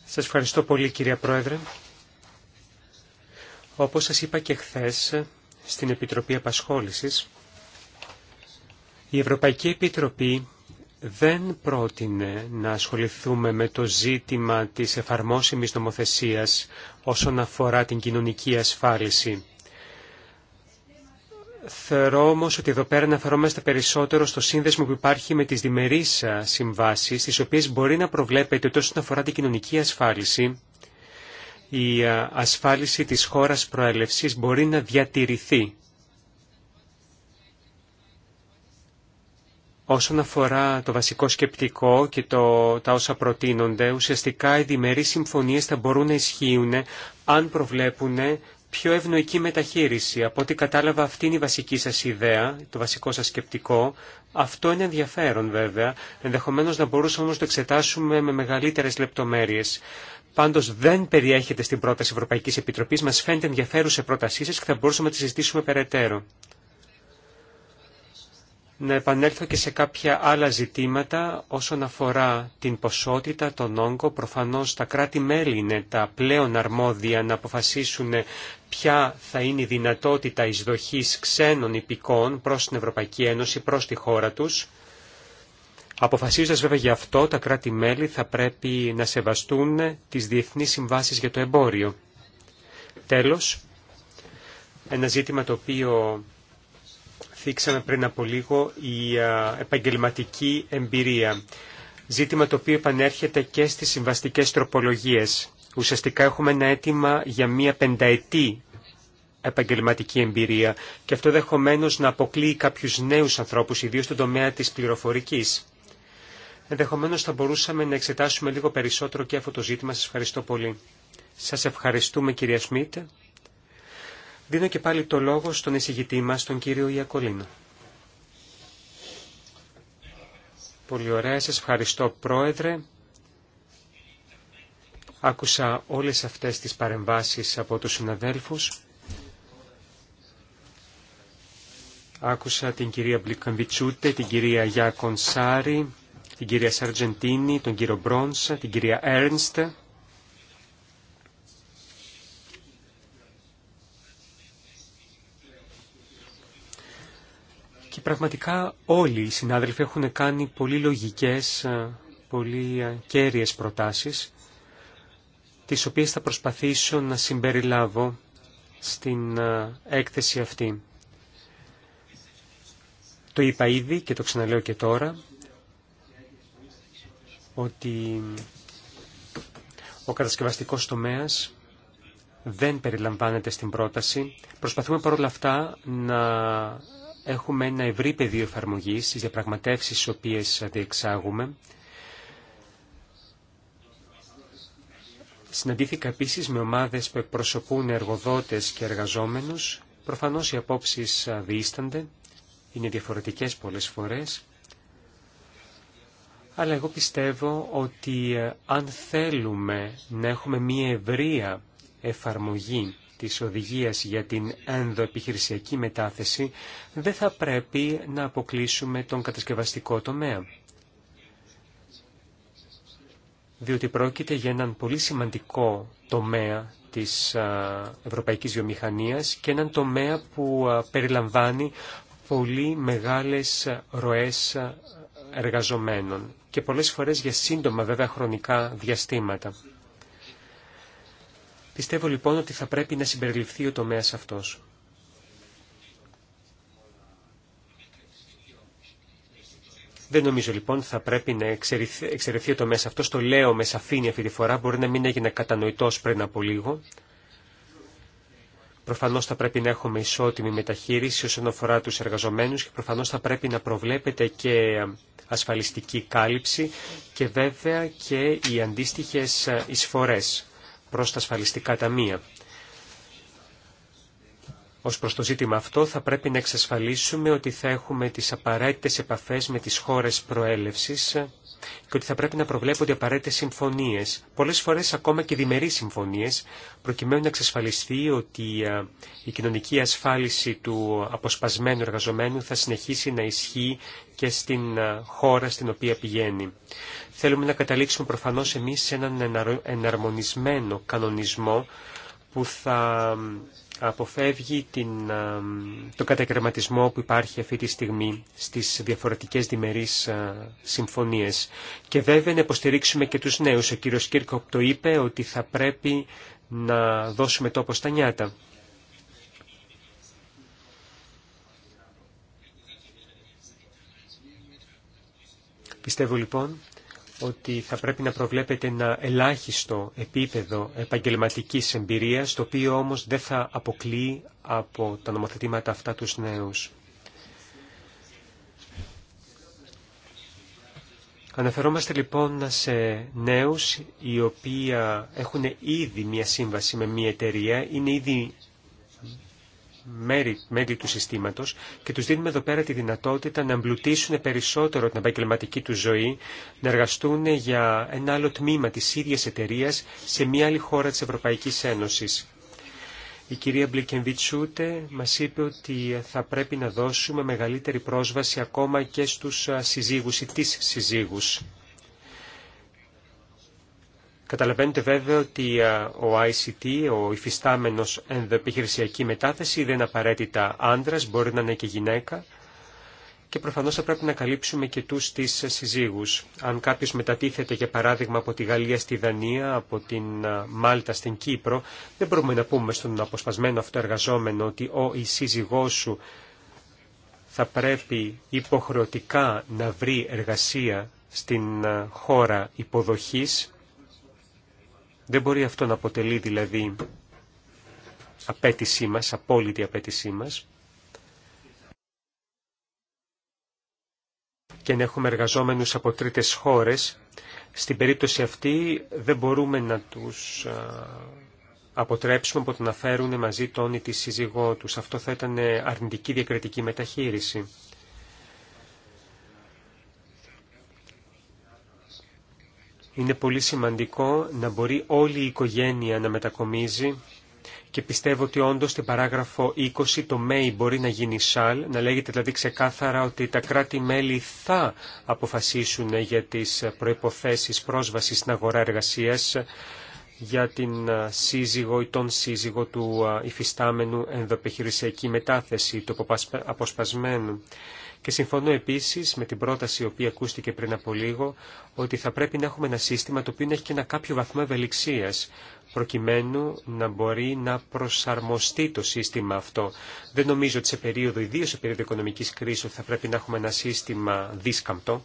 Σας ευχαριστώ πολύ κυρία Πρόεδρε. Όπως σας είπα και χθες στην Επιτροπή Απασχόλησης, η Ευρωπαϊκή Επιτροπή δεν πρότεινε να ασχοληθούμε με το ζήτημα της εφαρμόσιμης νομοθεσίας όσον αφορά την κοινωνική ασφάλιση. Θεωρώ όμω ότι εδώ πέρα αναφερόμαστε περισσότερο στο σύνδεσμο που υπάρχει με τις διμερείς συμβάσεις, τις οποίες μπορεί να προβλέπεται ότι όσον αφορά την κοινωνική ασφάλιση, η ασφάλιση της χώρας προέλευσης μπορεί να διατηρηθεί Όσον αφορά το βασικό σκεπτικό και το, τα όσα προτείνονται, ουσιαστικά οι διμερείς συμφωνίες θα μπορούν να ισχύουν αν προβλέπουν πιο ευνοϊκή μεταχείριση. Από ό,τι κατάλαβα αυτή είναι η βασική σας ιδέα, το βασικό σας σκεπτικό. Αυτό είναι ενδιαφέρον βέβαια, ενδεχομένως να μπορούσαμε όμως να το εξετάσουμε με μεγαλύτερες λεπτομέρειες. Πάντω δεν περιέχεται στην πρόταση Ευρωπαϊκή Επιτροπή. Μα φαίνεται ενδιαφέρουσα πρότασή σα και θα μπορούσαμε να τη συζητήσουμε περαιτέρω να επανέλθω και σε κάποια άλλα ζητήματα όσον αφορά την ποσότητα, τον όγκο. Προφανώς τα κράτη-μέλη είναι τα πλέον αρμόδια να αποφασίσουν ποια θα είναι η δυνατότητα εισδοχής ξένων υπηκών προς την Ευρωπαϊκή Ένωση, προς τη χώρα τους. Αποφασίζοντας βέβαια γι' αυτό, τα κράτη-μέλη θα πρέπει να σεβαστούν τις διεθνείς συμβάσεις για το εμπόριο. Τέλος, ένα ζήτημα το οποίο θίξαμε πριν από λίγο, η επαγγελματική εμπειρία. Ζήτημα το οποίο επανέρχεται και στις συμβαστικές τροπολογίες. Ουσιαστικά έχουμε ένα αίτημα για μία πενταετή επαγγελματική εμπειρία και αυτό δεχομένω να αποκλείει κάποιους νέους ανθρώπους, ιδίως στον τομέα της πληροφορικής. Ενδεχομένως θα μπορούσαμε να εξετάσουμε λίγο περισσότερο και αυτό το ζήτημα. Σας ευχαριστώ πολύ. Σας ευχαριστούμε κυρία Σμίτ. Δίνω και πάλι το λόγο στον εισηγητή μας, τον κύριο Ιακολίνο. Πολύ ωραία, σας ευχαριστώ πρόεδρε. Άκουσα όλες αυτές τις παρεμβάσεις από τους συναδέλφους. Άκουσα την κυρία Μπλικαμβιτσούτε, την κυρία Γιάκον Σάρη, την κυρία Σαρτζεντίνη, τον κύριο Μπρόνσα, την κυρία Έρνστε. πραγματικά όλοι οι συνάδελφοι έχουν κάνει πολύ λογικές, ε, πολύ ε, κέρυες προτάσεις, τις οποίες θα προσπαθήσω να συμπεριλάβω στην ε, έκθεση αυτή. Το είπα ήδη και το ξαναλέω και τώρα, ότι ο κατασκευαστικός τομέας δεν περιλαμβάνεται στην πρόταση. Προσπαθούμε παρόλα αυτά να έχουμε ένα ευρύ πεδίο εφαρμογή στι διαπραγματεύσει τι οποίες διεξάγουμε. Συναντήθηκα επίσης με ομάδες που εκπροσωπούν εργοδότες και εργαζόμενους. Προφανώ οι απόψει διήστανται, είναι διαφορετικές πολλέ φορές. Αλλά εγώ πιστεύω ότι ε, αν θέλουμε να έχουμε μία ευρεία εφαρμογή της οδηγίας για την ενδοεπιχειρησιακή μετάθεση, δεν θα πρέπει να αποκλείσουμε τον κατασκευαστικό τομέα. Διότι πρόκειται για έναν πολύ σημαντικό τομέα της ευρωπαϊκής βιομηχανίας και έναν τομέα που περιλαμβάνει πολύ μεγάλες ροές εργαζομένων και πολλές φορές για σύντομα βέβαια χρονικά διαστήματα. Πιστεύω λοιπόν ότι θα πρέπει να συμπεριληφθεί ο τομέας αυτός. Δεν νομίζω λοιπόν θα πρέπει να εξαιρεθεί ο τομέας αυτός. Το λέω με σαφήνεια αυτή τη φορά. Μπορεί να μην έγινε κατανοητός πριν από λίγο. Προφανώς θα πρέπει να έχουμε ισότιμη μεταχείριση όσον αφορά τους εργαζομένους και προφανώς θα πρέπει να προβλέπεται και ασφαλιστική κάλυψη και βέβαια και οι αντίστοιχες εισφορές προς τα ασφαλιστικά ταμεία. Ως προς το ζήτημα αυτό θα πρέπει να εξασφαλίσουμε ότι θα έχουμε τις απαραίτητες επαφές με τις χώρες προέλευσης και ότι θα πρέπει να προβλέπονται απαραίτητε συμφωνίε, πολλέ φορέ ακόμα και διμερεί συμφωνίε, προκειμένου να εξασφαλιστεί ότι ε, η κοινωνική ασφάλιση του αποσπασμένου εργαζομένου θα συνεχίσει να ισχύει και στην ε, χώρα στην οποία πηγαίνει. Θέλουμε να καταλήξουμε προφανώ εμεί σε έναν εναρμονισμένο κανονισμό που θα αποφεύγει την, το κατακρεματισμό που υπάρχει αυτή τη στιγμή στις διαφορετικές διμερείς συμφωνίες. Και βέβαια να υποστηρίξουμε και τους νέους. Ο κύριος Κίρκοπ το είπε ότι θα πρέπει να δώσουμε τόπο στα νιάτα. Πιστεύω λοιπόν ότι θα πρέπει να προβλέπετε ένα ελάχιστο επίπεδο επαγγελματικής εμπειρίας, το οποίο όμως δεν θα αποκλείει από τα νομοθετήματα αυτά τους νέους. Αναφερόμαστε λοιπόν σε νέους οι οποίοι έχουν ήδη μια σύμβαση με μια εταιρεία, είναι ήδη μέρη, μέλη του συστήματος και τους δίνουμε εδώ πέρα τη δυνατότητα να εμπλουτίσουν περισσότερο την επαγγελματική του ζωή, να εργαστούν για ένα άλλο τμήμα της ίδιας εταιρεία σε μια άλλη χώρα της Ευρωπαϊκής Ένωσης. Η κυρία Μπλικενβιτσούτε μας είπε ότι θα πρέπει να δώσουμε μεγαλύτερη πρόσβαση ακόμα και στους συζύγους ή τις συζύγους. Καταλαβαίνετε βέβαια ότι ο ICT, ο υφιστάμενος ενδοεπιχειρησιακή μετάθεση, δεν είναι απαραίτητα άντρα, μπορεί να είναι και γυναίκα. Και προφανώς θα πρέπει να καλύψουμε και του τις συζύγους. Αν κάποιος μετατίθεται για παράδειγμα από τη Γαλλία στη Δανία, από την Μάλτα στην Κύπρο, δεν μπορούμε να πούμε στον αποσπασμένο αυτό εργαζόμενο ότι ο η σύζυγός σου θα πρέπει υποχρεωτικά να βρει εργασία στην χώρα υποδοχής δεν μπορεί αυτό να αποτελεί δηλαδή απέτησή μας, απόλυτη απέτησή μας. Και να έχουμε εργαζόμενους από τρίτες χώρες. Στην περίπτωση αυτή δεν μπορούμε να τους αποτρέψουμε από το να φέρουν μαζί τον ή τη σύζυγό τους. Αυτό θα ήταν αρνητική διακριτική μεταχείριση. Είναι πολύ σημαντικό να μπορεί όλη η οικογένεια να μετακομίζει και πιστεύω ότι όντως στην παράγραφο 20 το ΜΕΙ μπορεί να γίνει ΣΑΛ, να λέγεται δηλαδή ξεκάθαρα ότι τα κράτη-μέλη θα αποφασίσουν για τις προϋποθέσεις πρόσβασης στην αγορά εργασίας για την σύζυγο ή τον σύζυγο του υφιστάμενου ενδοπεχειρησιακή μετάθεση του αποσπασμένου. Και συμφωνώ επίση με την πρόταση η οποία ακούστηκε πριν από λίγο ότι θα πρέπει να έχουμε ένα σύστημα το οποίο να έχει και ένα κάποιο βαθμό ευελιξία προκειμένου να μπορεί να προσαρμοστεί το σύστημα αυτό. Δεν νομίζω ότι σε περίοδο, ιδίω σε περίοδο οικονομική κρίσης, θα πρέπει να έχουμε ένα σύστημα δίσκαμπτο.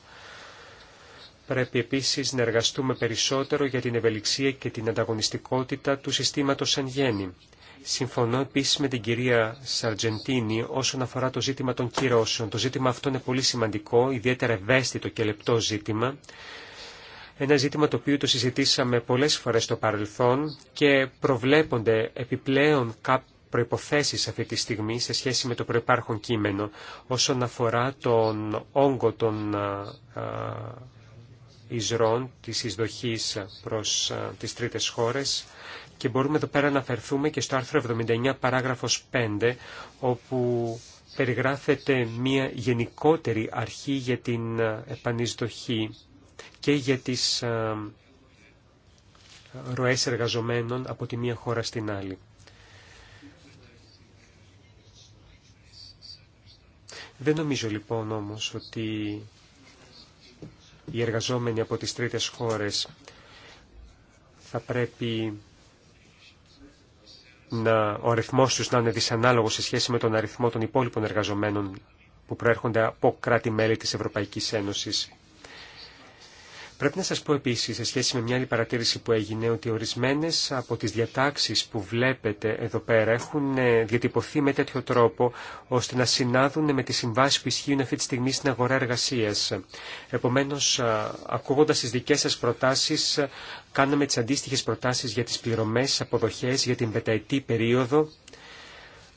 Πρέπει επίσης να εργαστούμε περισσότερο για την ευελιξία και την ανταγωνιστικότητα του συστήματος εν γέννη. Συμφωνώ επίση με την κυρία Σαρτζεντίνη όσον αφορά το ζήτημα των κυρώσεων. Το ζήτημα αυτό είναι πολύ σημαντικό, ιδιαίτερα ευαίσθητο και λεπτό ζήτημα. Ένα ζήτημα το οποίο το συζητήσαμε πολλές φορές στο παρελθόν και προβλέπονται επιπλέον κάποιες προϋποθέσεις αυτή τη στιγμή σε σχέση με το προϋπάρχον κείμενο όσον αφορά τον όγκο των εισρών της εισδοχής προς τις τρίτες χώρες και μπορούμε εδώ πέρα να αφαιρθούμε και στο άρθρο 79 παράγραφος 5 όπου περιγράφεται μια γενικότερη αρχή για την ε, επανεισδοχή και για τις ε, ροές εργαζομένων από τη μία χώρα στην άλλη. Δεν νομίζω λοιπόν όμως ότι οι εργαζόμενοι από τις τρίτες χώρες θα πρέπει να, ο αριθμό τους να είναι δυσανάλογο σε σχέση με τον αριθμό των υπόλοιπων εργαζομένων που προέρχονται από κράτη-μέλη της Ευρωπαϊκής Ένωσης. Πρέπει να σας πω επίσης, σε σχέση με μια άλλη παρατήρηση που έγινε, ότι ορισμένες από τις διατάξεις που βλέπετε εδώ πέρα έχουν ε, διατυπωθεί με τέτοιο τρόπο, ώστε να συνάδουν με τις συμβάσεις που ισχύουν αυτή τη στιγμή στην αγορά εργασίας. Επομένως, ακούγοντας τις δικές σας προτάσεις, κάναμε τις αντίστοιχες προτάσεις για τις πληρωμές, αποδοχές, για την πενταετή περίοδο,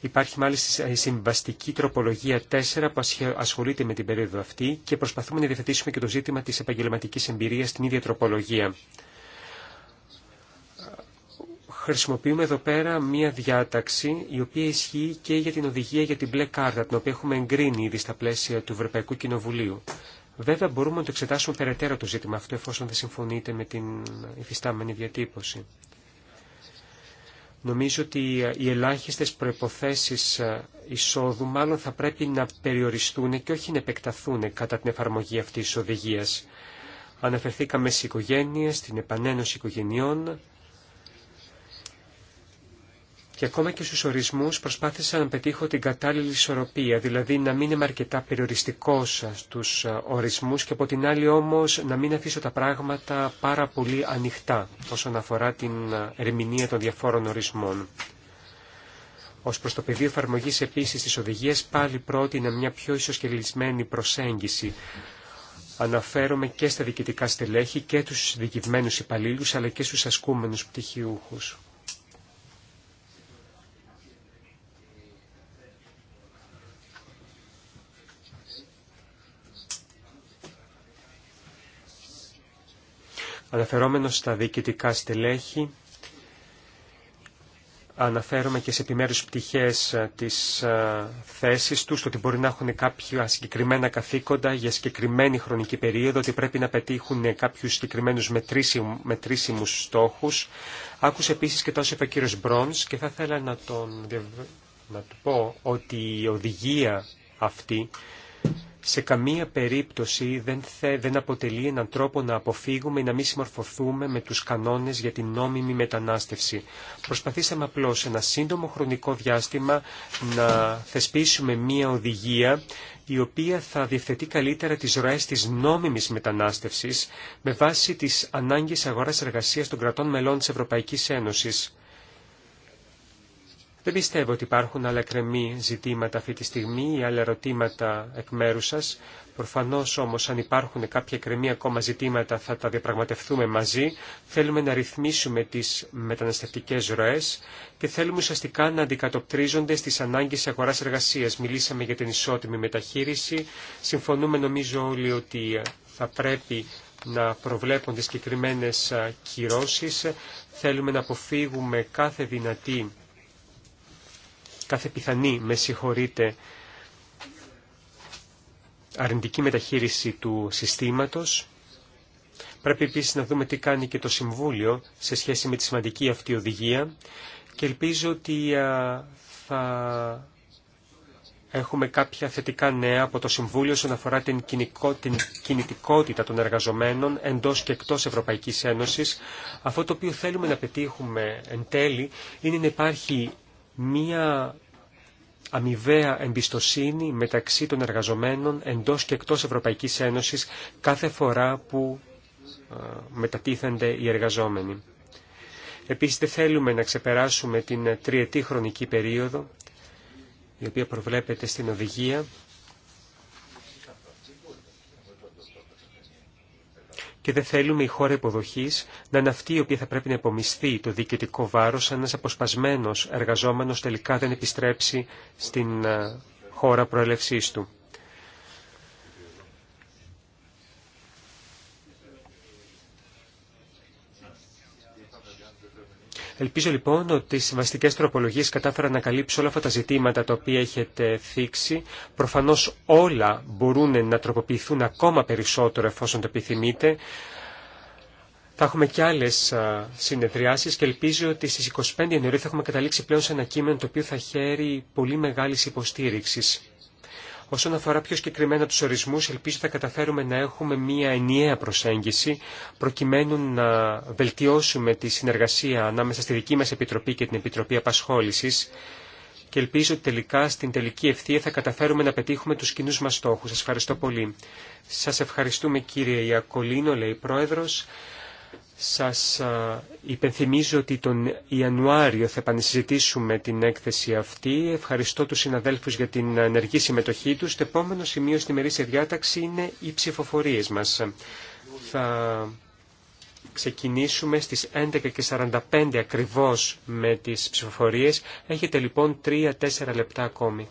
Υπάρχει μάλιστα η ε, συμβαστική τροπολογία 4 που ασχολείται με την περίοδο αυτή και προσπαθούμε να διευθετήσουμε και το ζήτημα της επαγγελματικής εμπειρίας στην ίδια τροπολογία. Χρησιμοποιούμε εδώ πέρα μία διάταξη η οποία ισχύει και για την οδηγία για την μπλε κάρτα, την οποία έχουμε εγκρίνει ήδη στα πλαίσια του Ευρωπαϊκού Κοινοβουλίου. Βέβαια μπορούμε να το εξετάσουμε περαιτέρω το ζήτημα αυτό εφόσον δεν συμφωνείτε με την υφιστάμενη διατύπωση. Νομίζω ότι οι ελάχιστες προϋποθέσεις ε, εισόδου μάλλον θα πρέπει να περιοριστούν και όχι να επεκταθούν κατά την εφαρμογή αυτής της οδηγίας. Αναφερθήκαμε στις οικογένειες, στην επανένωση οικογενειών, και ακόμα και στους ορισμούς προσπάθησα να πετύχω την κατάλληλη ισορροπία, δηλαδή να μην είμαι αρκετά περιοριστικός στους ορισμούς και από την άλλη όμως να μην αφήσω τα πράγματα πάρα πολύ ανοιχτά όσον αφορά την ερμηνεία των διαφόρων ορισμών. Ως προς το πεδίο εφαρμογή επίσης της οδηγίας πάλι πρότεινα μια πιο ισοσκελισμένη προσέγγιση. Αναφέρομαι και στα διοικητικά στελέχη και τους διοικητμένους υπαλλήλους αλλά και στους ασκούμενους πτυχιούχους. Αναφερόμενος στα διοικητικά στελέχη, αναφέρομαι και σε επιμέρους πτυχές ε, της ε, θέσης τους, ότι μπορεί να έχουν κάποια συγκεκριμένα καθήκοντα για συγκεκριμένη χρονική περίοδο, ότι πρέπει να πετύχουν κάποιους συγκεκριμένους μετρήσιμου, μετρήσιμους στόχους. Άκουσε επίσης και τόσο είπε ο κύριος Μπρόνς και θα ήθελα να, τον, να του πω ότι η οδηγία αυτή σε καμία περίπτωση δεν, δεν αποτελεί έναν τρόπο να αποφύγουμε ή να μην συμμορφωθούμε με τους κανόνες για την νόμιμη μετανάστευση. Προσπαθήσαμε απλώς σε ένα σύντομο χρονικό διάστημα να θεσπίσουμε μία οδηγία η οποία θα διευθετεί καλύτερα τις ροές της νόμιμης μετανάστευσης με βάση τις ανάγκες αγοράς εργασίας των κρατών μελών της Ευρωπαϊκής Ένωσης. Δεν πιστεύω ότι υπάρχουν άλλα κρεμή ζητήματα αυτή τη στιγμή ή άλλα ερωτήματα εκ μέρου σα. Προφανώ όμω, αν υπάρχουν κάποια κρεμή ακόμα ζητήματα, θα τα διαπραγματευτούμε μαζί. Θέλουμε να ρυθμίσουμε τι μεταναστευτικέ ροέ και θέλουμε ουσιαστικά να αντικατοπτρίζονται στι ανάγκε αγορά εργασία. Μιλήσαμε για την ισότιμη μεταχείριση. Συμφωνούμε νομίζω όλοι ότι θα πρέπει να προβλέπονται συγκεκριμένε κυρώσει. Θέλουμε να αποφύγουμε κάθε δυνατή κάθε πιθανή, με συγχωρείτε, αρνητική μεταχείριση του συστήματος. Πρέπει επίσης να δούμε τι κάνει και το Συμβούλιο σε σχέση με τη σημαντική αυτή οδηγία και ελπίζω ότι θα έχουμε κάποια θετικά νέα από το Συμβούλιο όσον αφορά την, κινητικότητα των εργαζομένων εντός και εκτός Ευρωπαϊκής Ένωσης. Αυτό το οποίο θέλουμε να πετύχουμε εν τέλει είναι να υπάρχει μία αμοιβαία εμπιστοσύνη μεταξύ των εργαζομένων εντός και εκτός Ευρωπαϊκής Ένωσης κάθε φορά που ε, μετατίθενται οι εργαζόμενοι. Επίσης δεν θέλουμε να ξεπεράσουμε την τριετή χρονική περίοδο η οποία προβλέπεται στην οδηγία και δεν θέλουμε η χώρα υποδοχή να είναι αυτή η οποία θα πρέπει να υπομειστεί το διοικητικό βάρο αν ένα αποσπασμένο εργαζόμενο τελικά δεν επιστρέψει στην ε, χώρα προέλευσή του. Ελπίζω λοιπόν ότι οι συμβαστικέ τροπολογίε κατάφεραν να καλύψουν όλα αυτά τα ζητήματα τα οποία έχετε θίξει. Προφανώ όλα μπορούν να τροποποιηθούν ακόμα περισσότερο εφόσον το επιθυμείτε. Θα έχουμε και άλλε συνεδριάσει και ελπίζω ότι στι 25 Ιανουαρίου θα έχουμε καταλήξει πλέον σε ένα κείμενο το οποίο θα χαίρει πολύ μεγάλη υποστήριξη. Όσον αφορά πιο συγκεκριμένα τους ορισμούς, ελπίζω θα καταφέρουμε να έχουμε μία ενιαία προσέγγιση προκειμένου να βελτιώσουμε τη συνεργασία ανάμεσα στη δική μας Επιτροπή και την Επιτροπή Απασχόλησης και ελπίζω ότι τελικά στην τελική ευθεία θα καταφέρουμε να πετύχουμε τους κοινούς μας στόχους. Σας ευχαριστώ πολύ. Σας ευχαριστούμε κύριε Ιακολίνο, λέει Πρόεδρος. Σας υπενθυμίζω ότι τον Ιανουάριο θα επανεσυζητήσουμε την έκθεση αυτή. Ευχαριστώ τους συναδέλφους για την ενεργή συμμετοχή τους. Το επόμενο σημείο στη μερίσια διάταξη είναι οι ψηφοφορίες μας. Θα ξεκινήσουμε στις 11.45 ακριβώς με τις ψηφοφορίες. Έχετε λοιπόν 3-4 λεπτά ακόμη.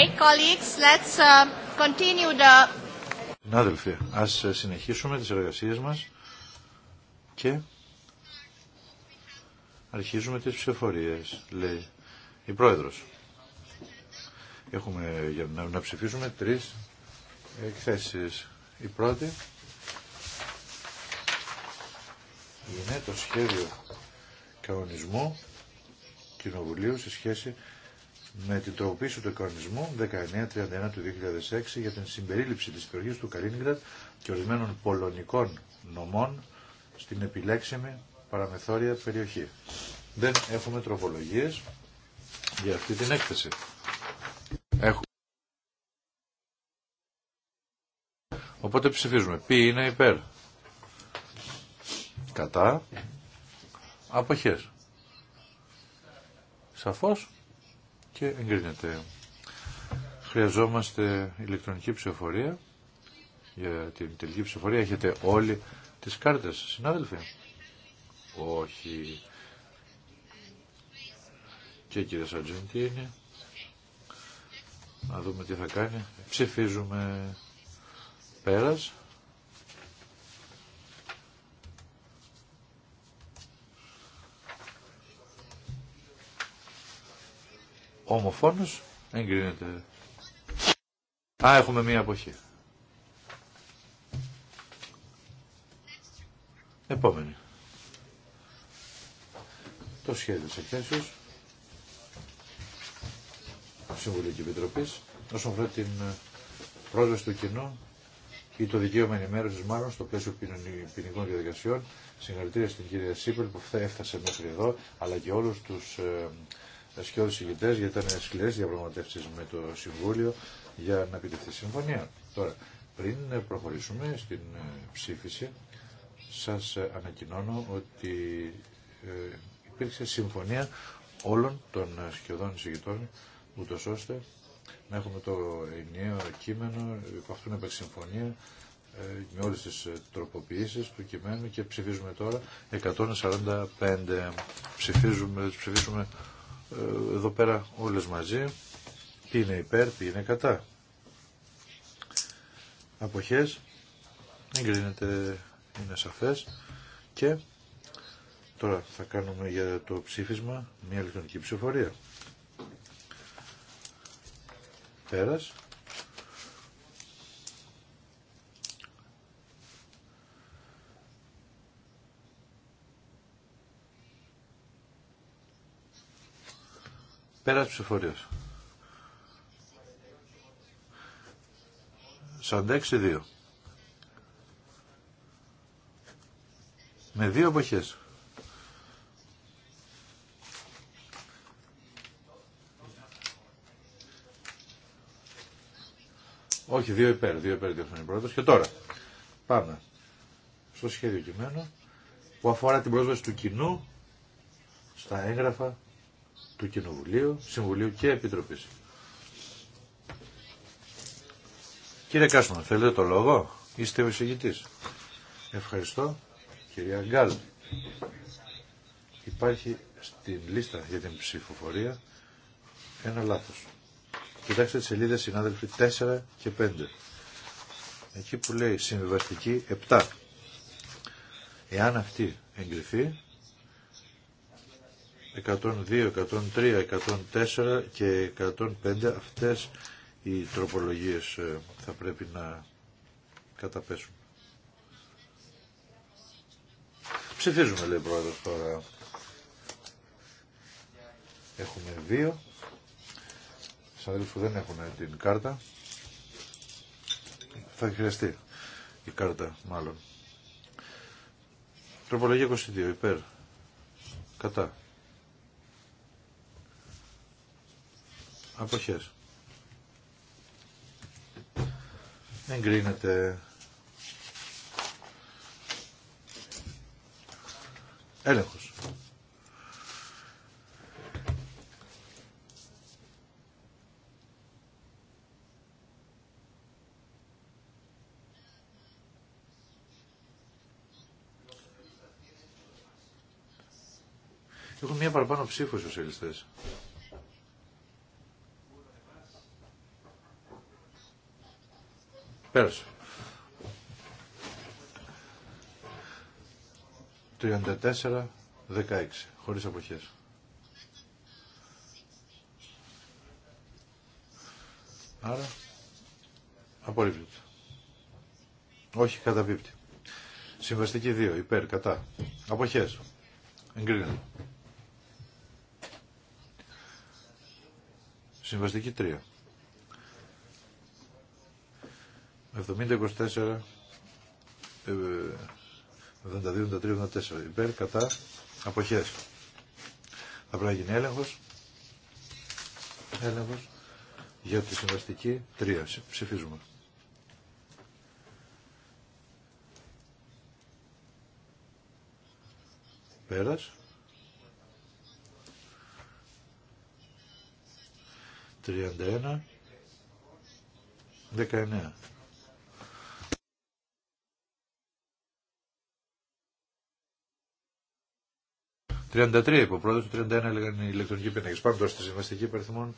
Okay, colleagues, let's uh, Συνάδελφοι, ας ε, συνεχίσουμε τις εργασίες μας και αρχίζουμε τις ψηφοφορίες, λέει η Πρόεδρος. Έχουμε για να, να ψηφίσουμε τρεις εκθέσεις. Η πρώτη είναι το σχέδιο κανονισμού Κοινοβουλίου σε σχέση με την τροποποίηση του οικονομισμού 1931 του 2006 για την συμπερίληψη της περιοχής του Καλίνιγκρατ και ορισμένων πολωνικών νομών στην επιλέξιμη παραμεθόρια περιοχή. Δεν έχουμε τροπολογίες για αυτή την έκθεση. Οπότε ψηφίζουμε. Ποιοι είναι υπέρ. Κατά. Αποχές. Σαφώς και εγκρίνεται. Χρειαζόμαστε ηλεκτρονική ψηφοφορία για την τελική ψηφοφορία. Έχετε όλοι τις κάρτες, συνάδελφοι. Όχι. Και κύριε Σαρτζεντίνη. Να δούμε τι θα κάνει. Ψηφίζουμε πέρας. Ομοφόνος εγκρίνεται. Α, έχουμε μία αποχή. Επόμενη. Το σχέδιο της εκθέσεως και Επιτροπή όσον αφορά την ε, πρόσβαση του κοινού ή το δικαίωμα ενημέρωση μάλλον στο πλαίσιο ποινικών διαδικασιών. Συγχαρητήρια στην κυρία Σίπελ που έφτασε μέχρι εδώ, αλλά και τους του ε, σκιώδους ηγητές γιατί ήταν σκληρές διαπραγματεύσεις με το Συμβούλιο για να επιτευχθεί συμφωνία. Τώρα, πριν προχωρήσουμε στην ε, ψήφιση, σας ε, ανακοινώνω ότι ε, υπήρξε συμφωνία όλων των σχεδόν εισηγητών, ούτω ώστε να έχουμε το ενιαίο κείμενο, από αυτού να υπάρχει συμφωνία με όλες τις τροποποιήσεις του κειμένου και ψηφίζουμε τώρα 145. Ψηφίζουμε, ψηφίζουμε ε, εδώ πέρα όλες μαζί είναι υπέρ, τι είναι κατά. Αποχές εγκρίνεται, είναι σαφές και τώρα θα κάνουμε για το ψήφισμα μια ηλεκτρονική ψηφορία. Πέρας. περας ψηφορία. ψηφορίας. 46-2. Με δύο εποχέ. Όχι, δύο υπέρ, δύο υπέρ διαφωνεί πρώτο. Και τώρα πάμε στο σχέδιο κειμένου που αφορά την πρόσβαση του κοινού στα έγγραφα του Κοινοβουλίου, Συμβουλίου και Επιτροπής. Κύριε Κάσμα, θέλετε το λόγο. Είστε ο εισηγητής. Ευχαριστώ. Κυρία Γκάλ. Υπάρχει στην λίστα για την ψηφοφορία ένα λάθος. Κοιτάξτε τις σελίδες συνάδελφοι 4 και 5. Εκεί που λέει συμβιβαστική 7. Εάν αυτή εγκριθεί, 102, 103, 104 και 105 αυτές οι τροπολογίες ε, θα πρέπει να καταπέσουν. Ψηφίζουμε λέει πρόεδρος τώρα. Έχουμε δύο. Σαν που δεν έχουν την κάρτα. Θα χρειαστεί η κάρτα μάλλον. Τροπολογία 22 υπέρ. Κατά. αποχές. Εγκρίνεται. Έλεγχος. Έχουν μία παραπάνω ψήφο οι σοσιαλιστές. Πέρασε. 34-16, χωρίς αποχές. Άρα, απορρίπτωτο. Όχι καταπίπτει. Συμβαστική 2, υπέρ, κατά. Αποχές. Εγκρίνεται. Συμβαστική 3. 70-24, 72-73-74 ε, υπέρ κατά, αποχές. Θα πρέπει να γίνει έλεγχος, έλεγχος για τη συμβαστική 3. Ψηφίζουμε. Πέρας. 31, 19. 33 είπε ο πρόεδρο, 31 έλεγαν οι ηλεκτρονικοί πίνακες. Πάμε τώρα στη συμβαστική υπερθυμών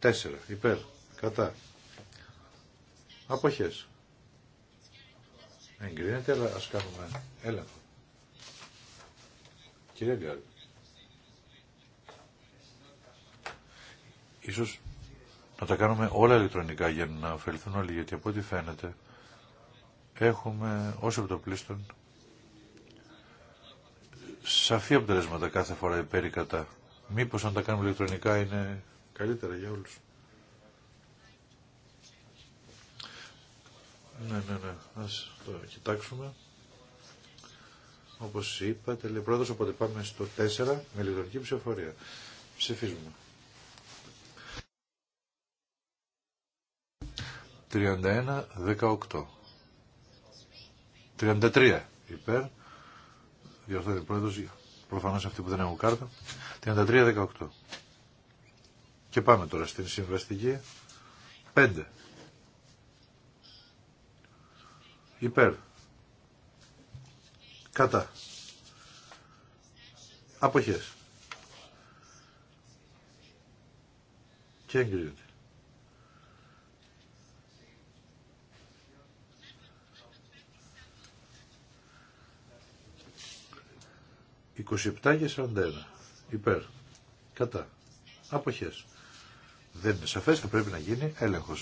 4. Υπέρ. Κατά. Αποχές. Εγκρίνεται, αλλά ας κάνουμε έλεγχο. Κύριε Γκάλ. Ίσως να τα κάνουμε όλα ηλεκτρονικά για να ωφεληθούν όλοι, γιατί από ό,τι φαίνεται έχουμε όσο από το πλήστον σαφή αποτελέσματα κάθε φορά υπέρ ή κατά. Μήπως αν τα κάνουμε ηλεκτρονικά είναι καλύτερα για όλους. Ναι, ναι, ναι. Ας το κοιτάξουμε. Όπως είπα, τελεπρόεδρος, οπότε πάμε στο 4 με ηλεκτρονική ψηφοφορία. Ψηφίζουμε. 31-18. 33 υπέρ διορθώνει ο πρόεδρος, προφανώς αυτοί που δεν έχουν κάρτα, 33-18. Και πάμε τώρα στην συμβαστική 5. Υπέρ. Κατά. αποχέ Και εγκρίνεται. 27 και 41. Υπέρ. Κατά. αποχέ. Δεν είναι σαφέ θα πρέπει να γίνει έλεγχο.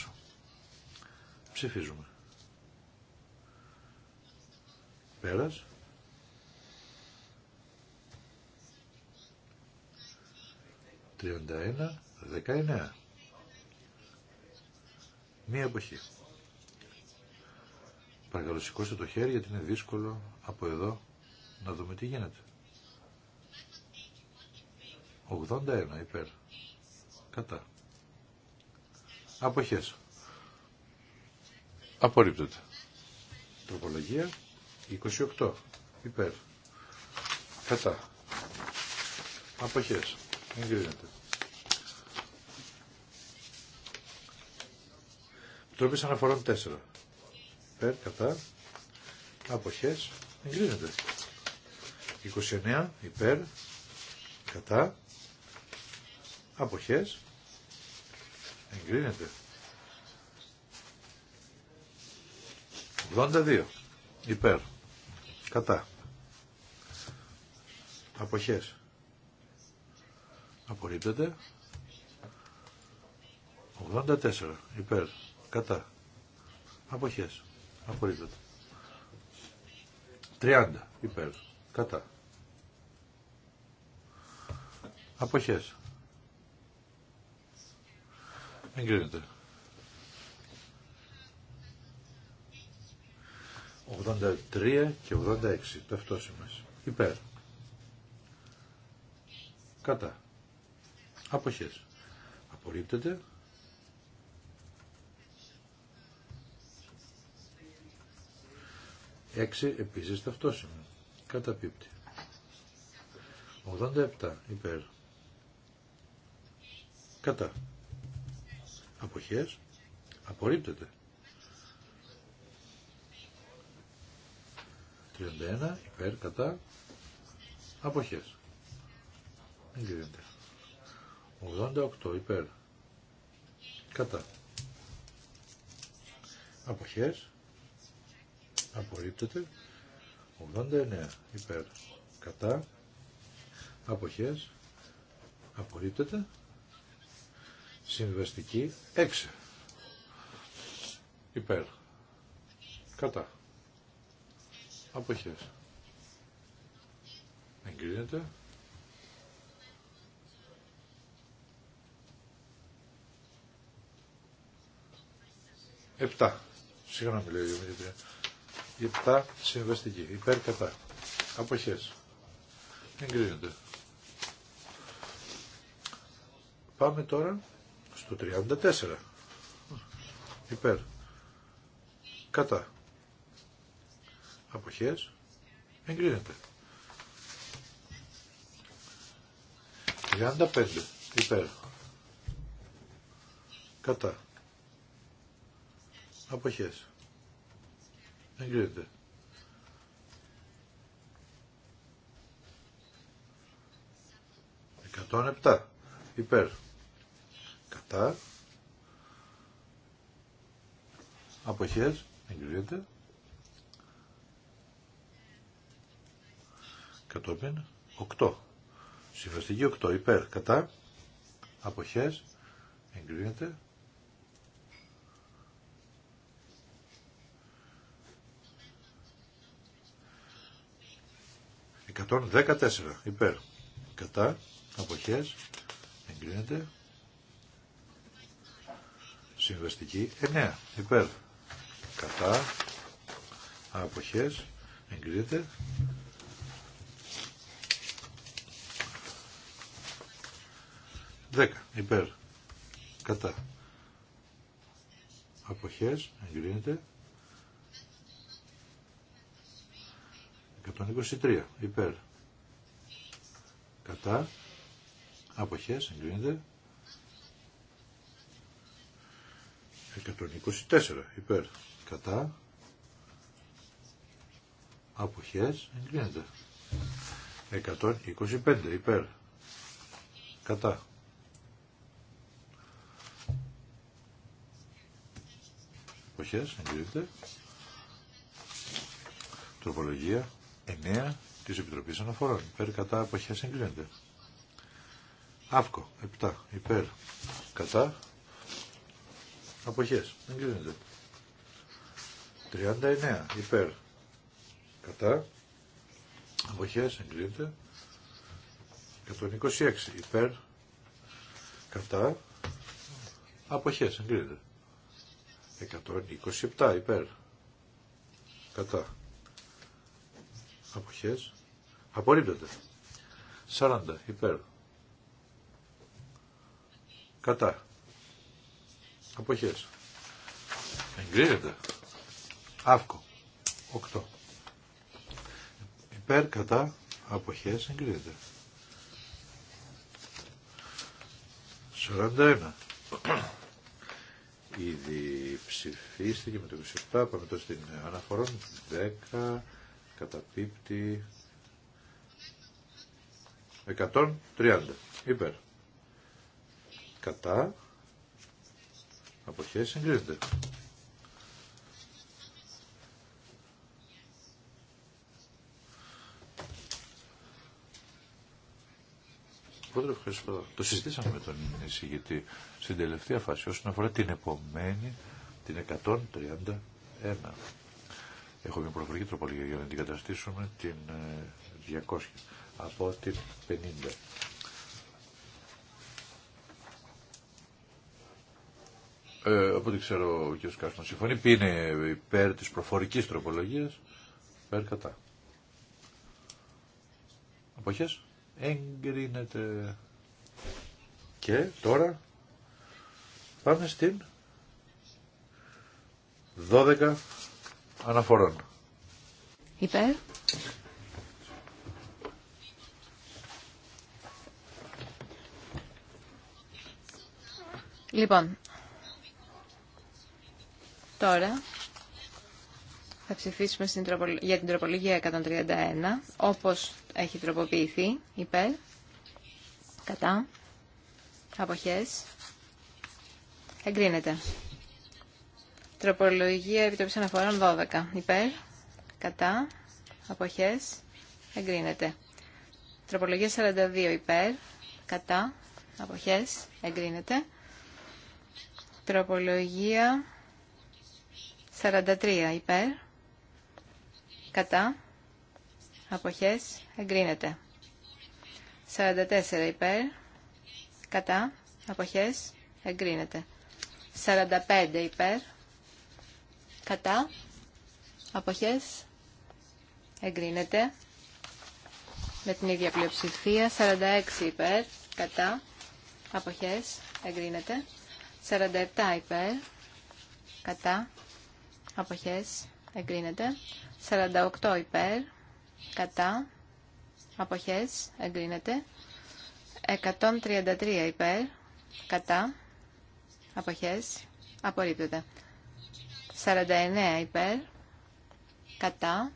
Ψηφίζουμε. Πέρας. 31, 19. Μία εποχή. Παρακαλώ σηκώστε το χέρι γιατί είναι δύσκολο από εδώ να δούμε τι γίνεται. 81 υπέρ. Κατά. Αποχές. Απορρίπτωτε. Τροπολογία 28 υπέρ. Κατά. Αποχές. Εγκρίνεται. Τροπής αναφορών 4. Υπέρ, κατά. Αποχές. Εγκρίνεται. 29 υπέρ. Κατά. Αποχές. Εγκρίνεται. 82. Υπέρ. Κατά. Αποχές. Απορρίπτεται. 84. Υπέρ. Κατά. Αποχές. Απορρίπτεται. 30. Υπέρ. Κατά. Αποχές. Εγκρίνεται. 83 και 86 ταυτόσημες. Υπέρ. Κατά. Αποχές. Απορρίπτεται. 6 επίσης κατά Καταπίπτει. 87 υπέρ. Κατά αποχές απορρίπτεται. 31 υπέρ κατά αποχές. Εγκρίνεται. 88 υπέρ κατά αποχές απορρίπτεται. 89 υπέρ κατά αποχές απορρίπτεται συμβεστική 6. Υπέρ. Κατά. Αποχές. Εγκρίνεται. Επτά. Συγγνώμη Επτά συμβαστική. Υπέρ κατά. Αποχές. Εγκρίνεται. Πάμε τώρα του 34. Υπέρ. Κατά. Αποχές. Εγκρίνεται. 35. Υπέρ. Κατά. Αποχές. Εγκρίνεται. 107. Υπέρ. Κατά. Αποχές. Εγκρίνεται. Κατόπιν. 8. Συμφαστική 8. Υπέρ. Κατά. Αποχές. Εγκρίνεται. Εκατόν δέκα υπέρ. Κατά. Αποχές. Εγκρίνεται. Συμβαστική 9. Υπέρ. Κατά. Αποχές. Εγκρίνεται. Δέκα. Υπέρ. Κατά. Αποχές. Εγκρίνεται. 123. Υπέρ. Κατά. Αποχές. Εγκρίνεται. 124 υπέρ κατά αποχές εγκρίνεται 125 υπέρ κατά αποχές εγκρίνεται τροπολογία 9 της Επιτροπής Αναφορών υπέρ κατά αποχές εγκρίνεται Αύκο 7 υπέρ κατά Αποχές. Εγκρίνεται. 39. Υπέρ. Κατά. Αποχές. Εγκρίνεται. 126. Υπέρ. Κατά. Αποχές. Εγκρίνεται. 127. Υπέρ. Κατά. Αποχές. Απορρίπτονται. 40. Υπέρ. Κατά. Αποχές. Εγκρίνεται. Αύκο. 8. Υπέρ κατά αποχές εγκρίνεται. 41. Ήδη ψηφίστηκε με το 27, πάμε τώρα στην αναφορών. 10, καταπίπτει 130, υπέρ. Κατά, από συγκρίνεται. Πρώτα ευχαριστώ. Το συζητήσαμε με τον εισηγητή στην τελευταία φάση όσον αφορά την επομένη, την 131. Έχω μια προφορική τροπολογία για να αντικαταστήσουμε την 200 ε, από την 50. Ε, οπότε ξέρω ο κ. Κάστον συμφωνεί. Ποιοι είναι υπέρ της προφορικής τροπολογίας. Υπέρ κατά. Αποχές. Εγκρίνεται. Και τώρα πάμε στην 12 αναφορών. Υπέρ. Λοιπόν, Τώρα θα ψηφίσουμε για την τροπολογία 131, όπως έχει τροποποιηθεί, υπέρ, κατά, αποχές, εγκρίνεται. Τροπολογία Επιτροπής Αναφορών 12, υπέρ, κατά, αποχές, εγκρίνεται. Τροπολογία 42, υπέρ, κατά, αποχές, εγκρίνεται. Τροπολογία 43 υπέρ, κατά, αποχές, εγκρίνεται. 44 υπέρ, κατά, αποχές, εγκρίνεται. 45 υπέρ, κατά, αποχές, εγκρίνεται. Με την ίδια πλειοψηφία, 46 υπέρ, κατά, αποχές, εγκρίνεται. 47 υπέρ, κατά, αποχές εγκρίνεται 48 υπέρ κατά αποχές εγκρίνεται 133 υπέρ κατά αποχές απορρίπτεται 49 υπέρ κατά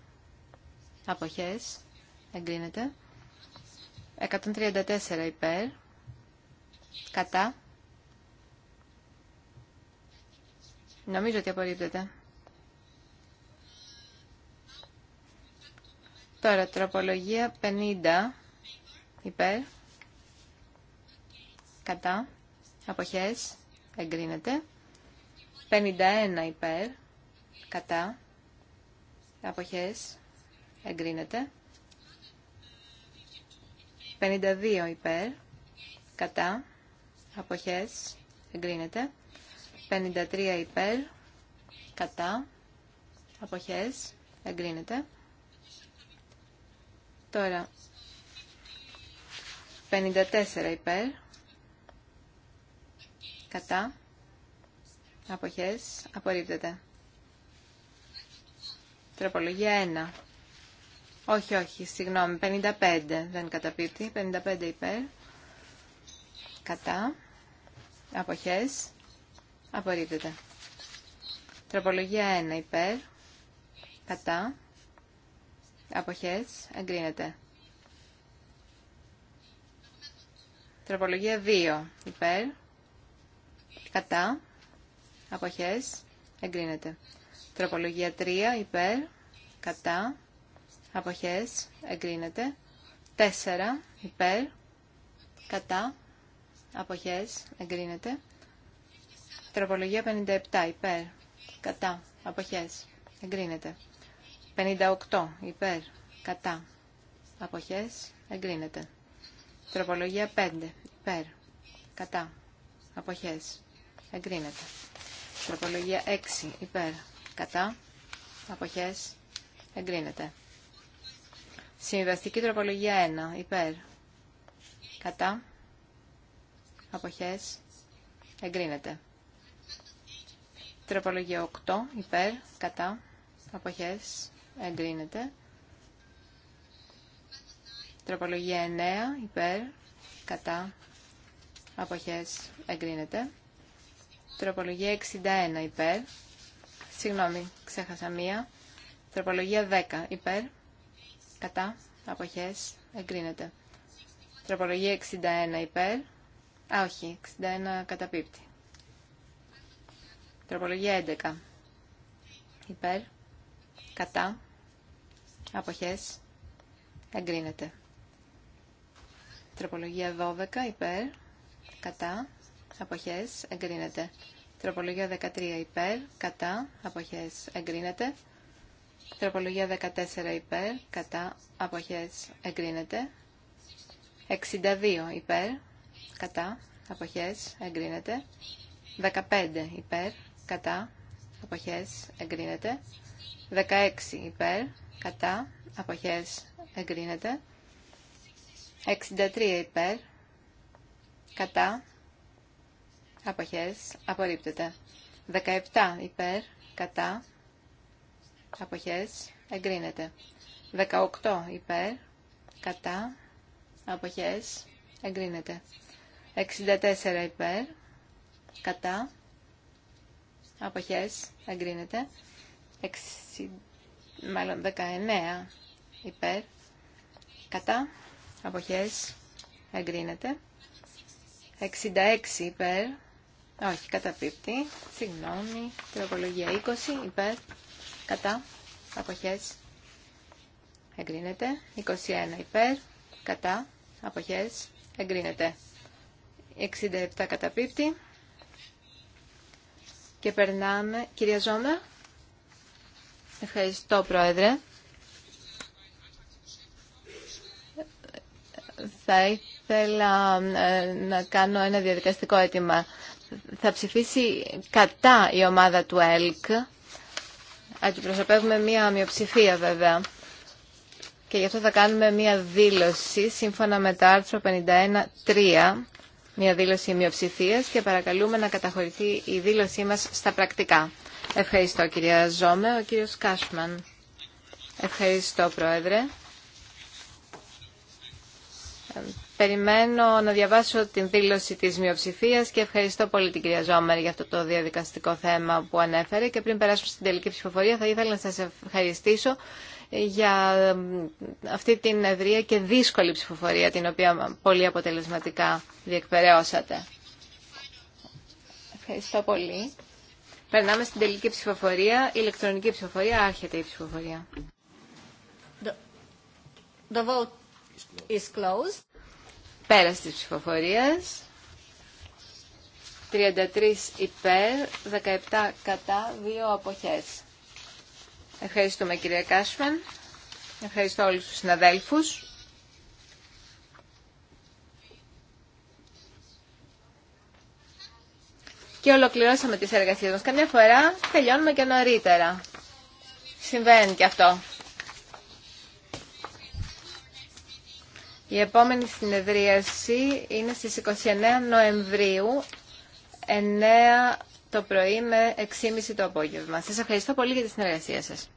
αποχές εγκρίνεται 134 υπέρ κατά νομίζω ότι απορρίπτεται Τώρα, τροπολογία 50 υπέρ, κατά, αποχές, εγκρίνεται. 51 υπέρ, κατά, αποχές, εγκρίνεται. 52 υπέρ, κατά, αποχές, εγκρίνεται. 53 υπέρ, κατά, αποχές, εγκρίνεται. Τώρα, 54 υπέρ, κατά, αποχές, απορρίπτεται. Τροπολογία 1. Όχι, όχι, συγγνώμη, 55 δεν καταπίπτει, 55 υπέρ, κατά, αποχές, απορρίπτεται. Τροπολογία 1 υπέρ, κατά, Αποχές. Εγκρίνεται. Τροπολογία 2. Υπέρ. Κατά. Αποχές. Εγκρίνεται. Τροπολογία 3. Υπέρ. Κατά. Αποχές. Εγκρίνεται. 4. Υπέρ. Κατά. Αποχές. Εγκρίνεται. Τροπολογία 57. Υπέρ. Κατά. Αποχές. Εγκρίνεται. 58 υπέρ κατά αποχές εγκρίνεται. Τροπολογία 5 υπέρ κατά αποχές εγκρίνεται. Τροπολογία 6 υπέρ κατά αποχές εγκρίνεται. Συμβαστική τροπολογία 1 υπέρ κατά αποχές εγκρίνεται. Τροπολογία 8 υπέρ κατά αποχές εγκρίνεται. Τροπολογία 9 υπέρ, κατά, αποχές, εγκρίνεται. Τροπολογία 61 υπέρ, συγγνώμη, ξέχασα μία. Τροπολογία 10 υπέρ, κατά, αποχές, εγκρίνεται. Τροπολογία 61 υπέρ, α όχι, 61 καταπίπτει. Τροπολογία 11 υπέρ, κατά, Αποχές. Εγκρίνεται. Τροπολογία 12 υπέρ. Κατά. Αποχές. Εγκρίνεται. Τροπολογία 13 υπέρ. Κατά. Αποχές. Εγκρίνεται. Τροπολογία 14 υπέρ. Κατά. Αποχές. Εγκρίνεται. 62 υπέρ. Κατά. Αποχές. Εγκρίνεται. 15 υπέρ. Κατά. Αποχές. Εγκρίνεται. 16 υπέρ κατά, αποχές, εγκρίνεται. 63 υπέρ, κατά, αποχές, απορρίπτεται. 17 υπέρ, κατά, αποχές, εγκρίνεται. 18 υπέρ, κατά, αποχές, εγκρίνεται. 64 υπέρ, κατά, αποχές, εγκρίνεται μάλλον 19 υπέρ, κατά, αποχές, εγκρίνεται. 66 υπέρ, όχι, καταπίπτει, συγγνώμη, τροπολογία 20 υπέρ, κατά, αποχές, εγκρίνεται. 21 υπέρ, κατά, αποχές, εγκρίνεται. 67 καταπίπτει. Και περνάμε, κυρία Ζώνα, Ευχαριστώ, Πρόεδρε. Θα ήθελα ε, να κάνω ένα διαδικαστικό αίτημα. Θα ψηφίσει κατά η ομάδα του ΕΛΚ. Αντιπροσωπεύουμε μία μειοψηφία βέβαια. Και γι' αυτό θα κάνουμε μία δήλωση σύμφωνα με το άρθρο 51.3, μία δήλωση μειοψηφίας και παρακαλούμε να καταχωρηθεί η δήλωσή μας στα πρακτικά. Ευχαριστώ κυρία Ζώμε. Ο κύριος Κάσμαν. Ευχαριστώ πρόεδρε. Περιμένω να διαβάσω την δήλωση της μειοψηφία και ευχαριστώ πολύ την κυρία Ζόμερ για αυτό το διαδικαστικό θέμα που ανέφερε και πριν περάσουμε στην τελική ψηφοφορία θα ήθελα να σας ευχαριστήσω για αυτή την ευρία και δύσκολη ψηφοφορία την οποία πολύ αποτελεσματικά διεκπαιρεώσατε. Ευχαριστώ πολύ. Περνάμε στην τελική ψηφοφορία. Ηλεκτρονική ψηφοφορία. Άρχεται η ψηφοφορία. The, the vote is closed. ψηφοφορίας. 33 υπέρ, 17 κατά, 2 αποχές. Ευχαριστούμε κύριε Κάσμαν. Ευχαριστώ όλους τους συναδέλφους. και ολοκληρώσαμε τις εργασίες μας. Καμιά φορά τελειώνουμε και νωρίτερα. Συμβαίνει και αυτό. Η επόμενη συνεδρίαση είναι στις 29 Νοεμβρίου, 9 το πρωί με 6.30 το απόγευμα. Σας ευχαριστώ πολύ για τη συνεργασία σας.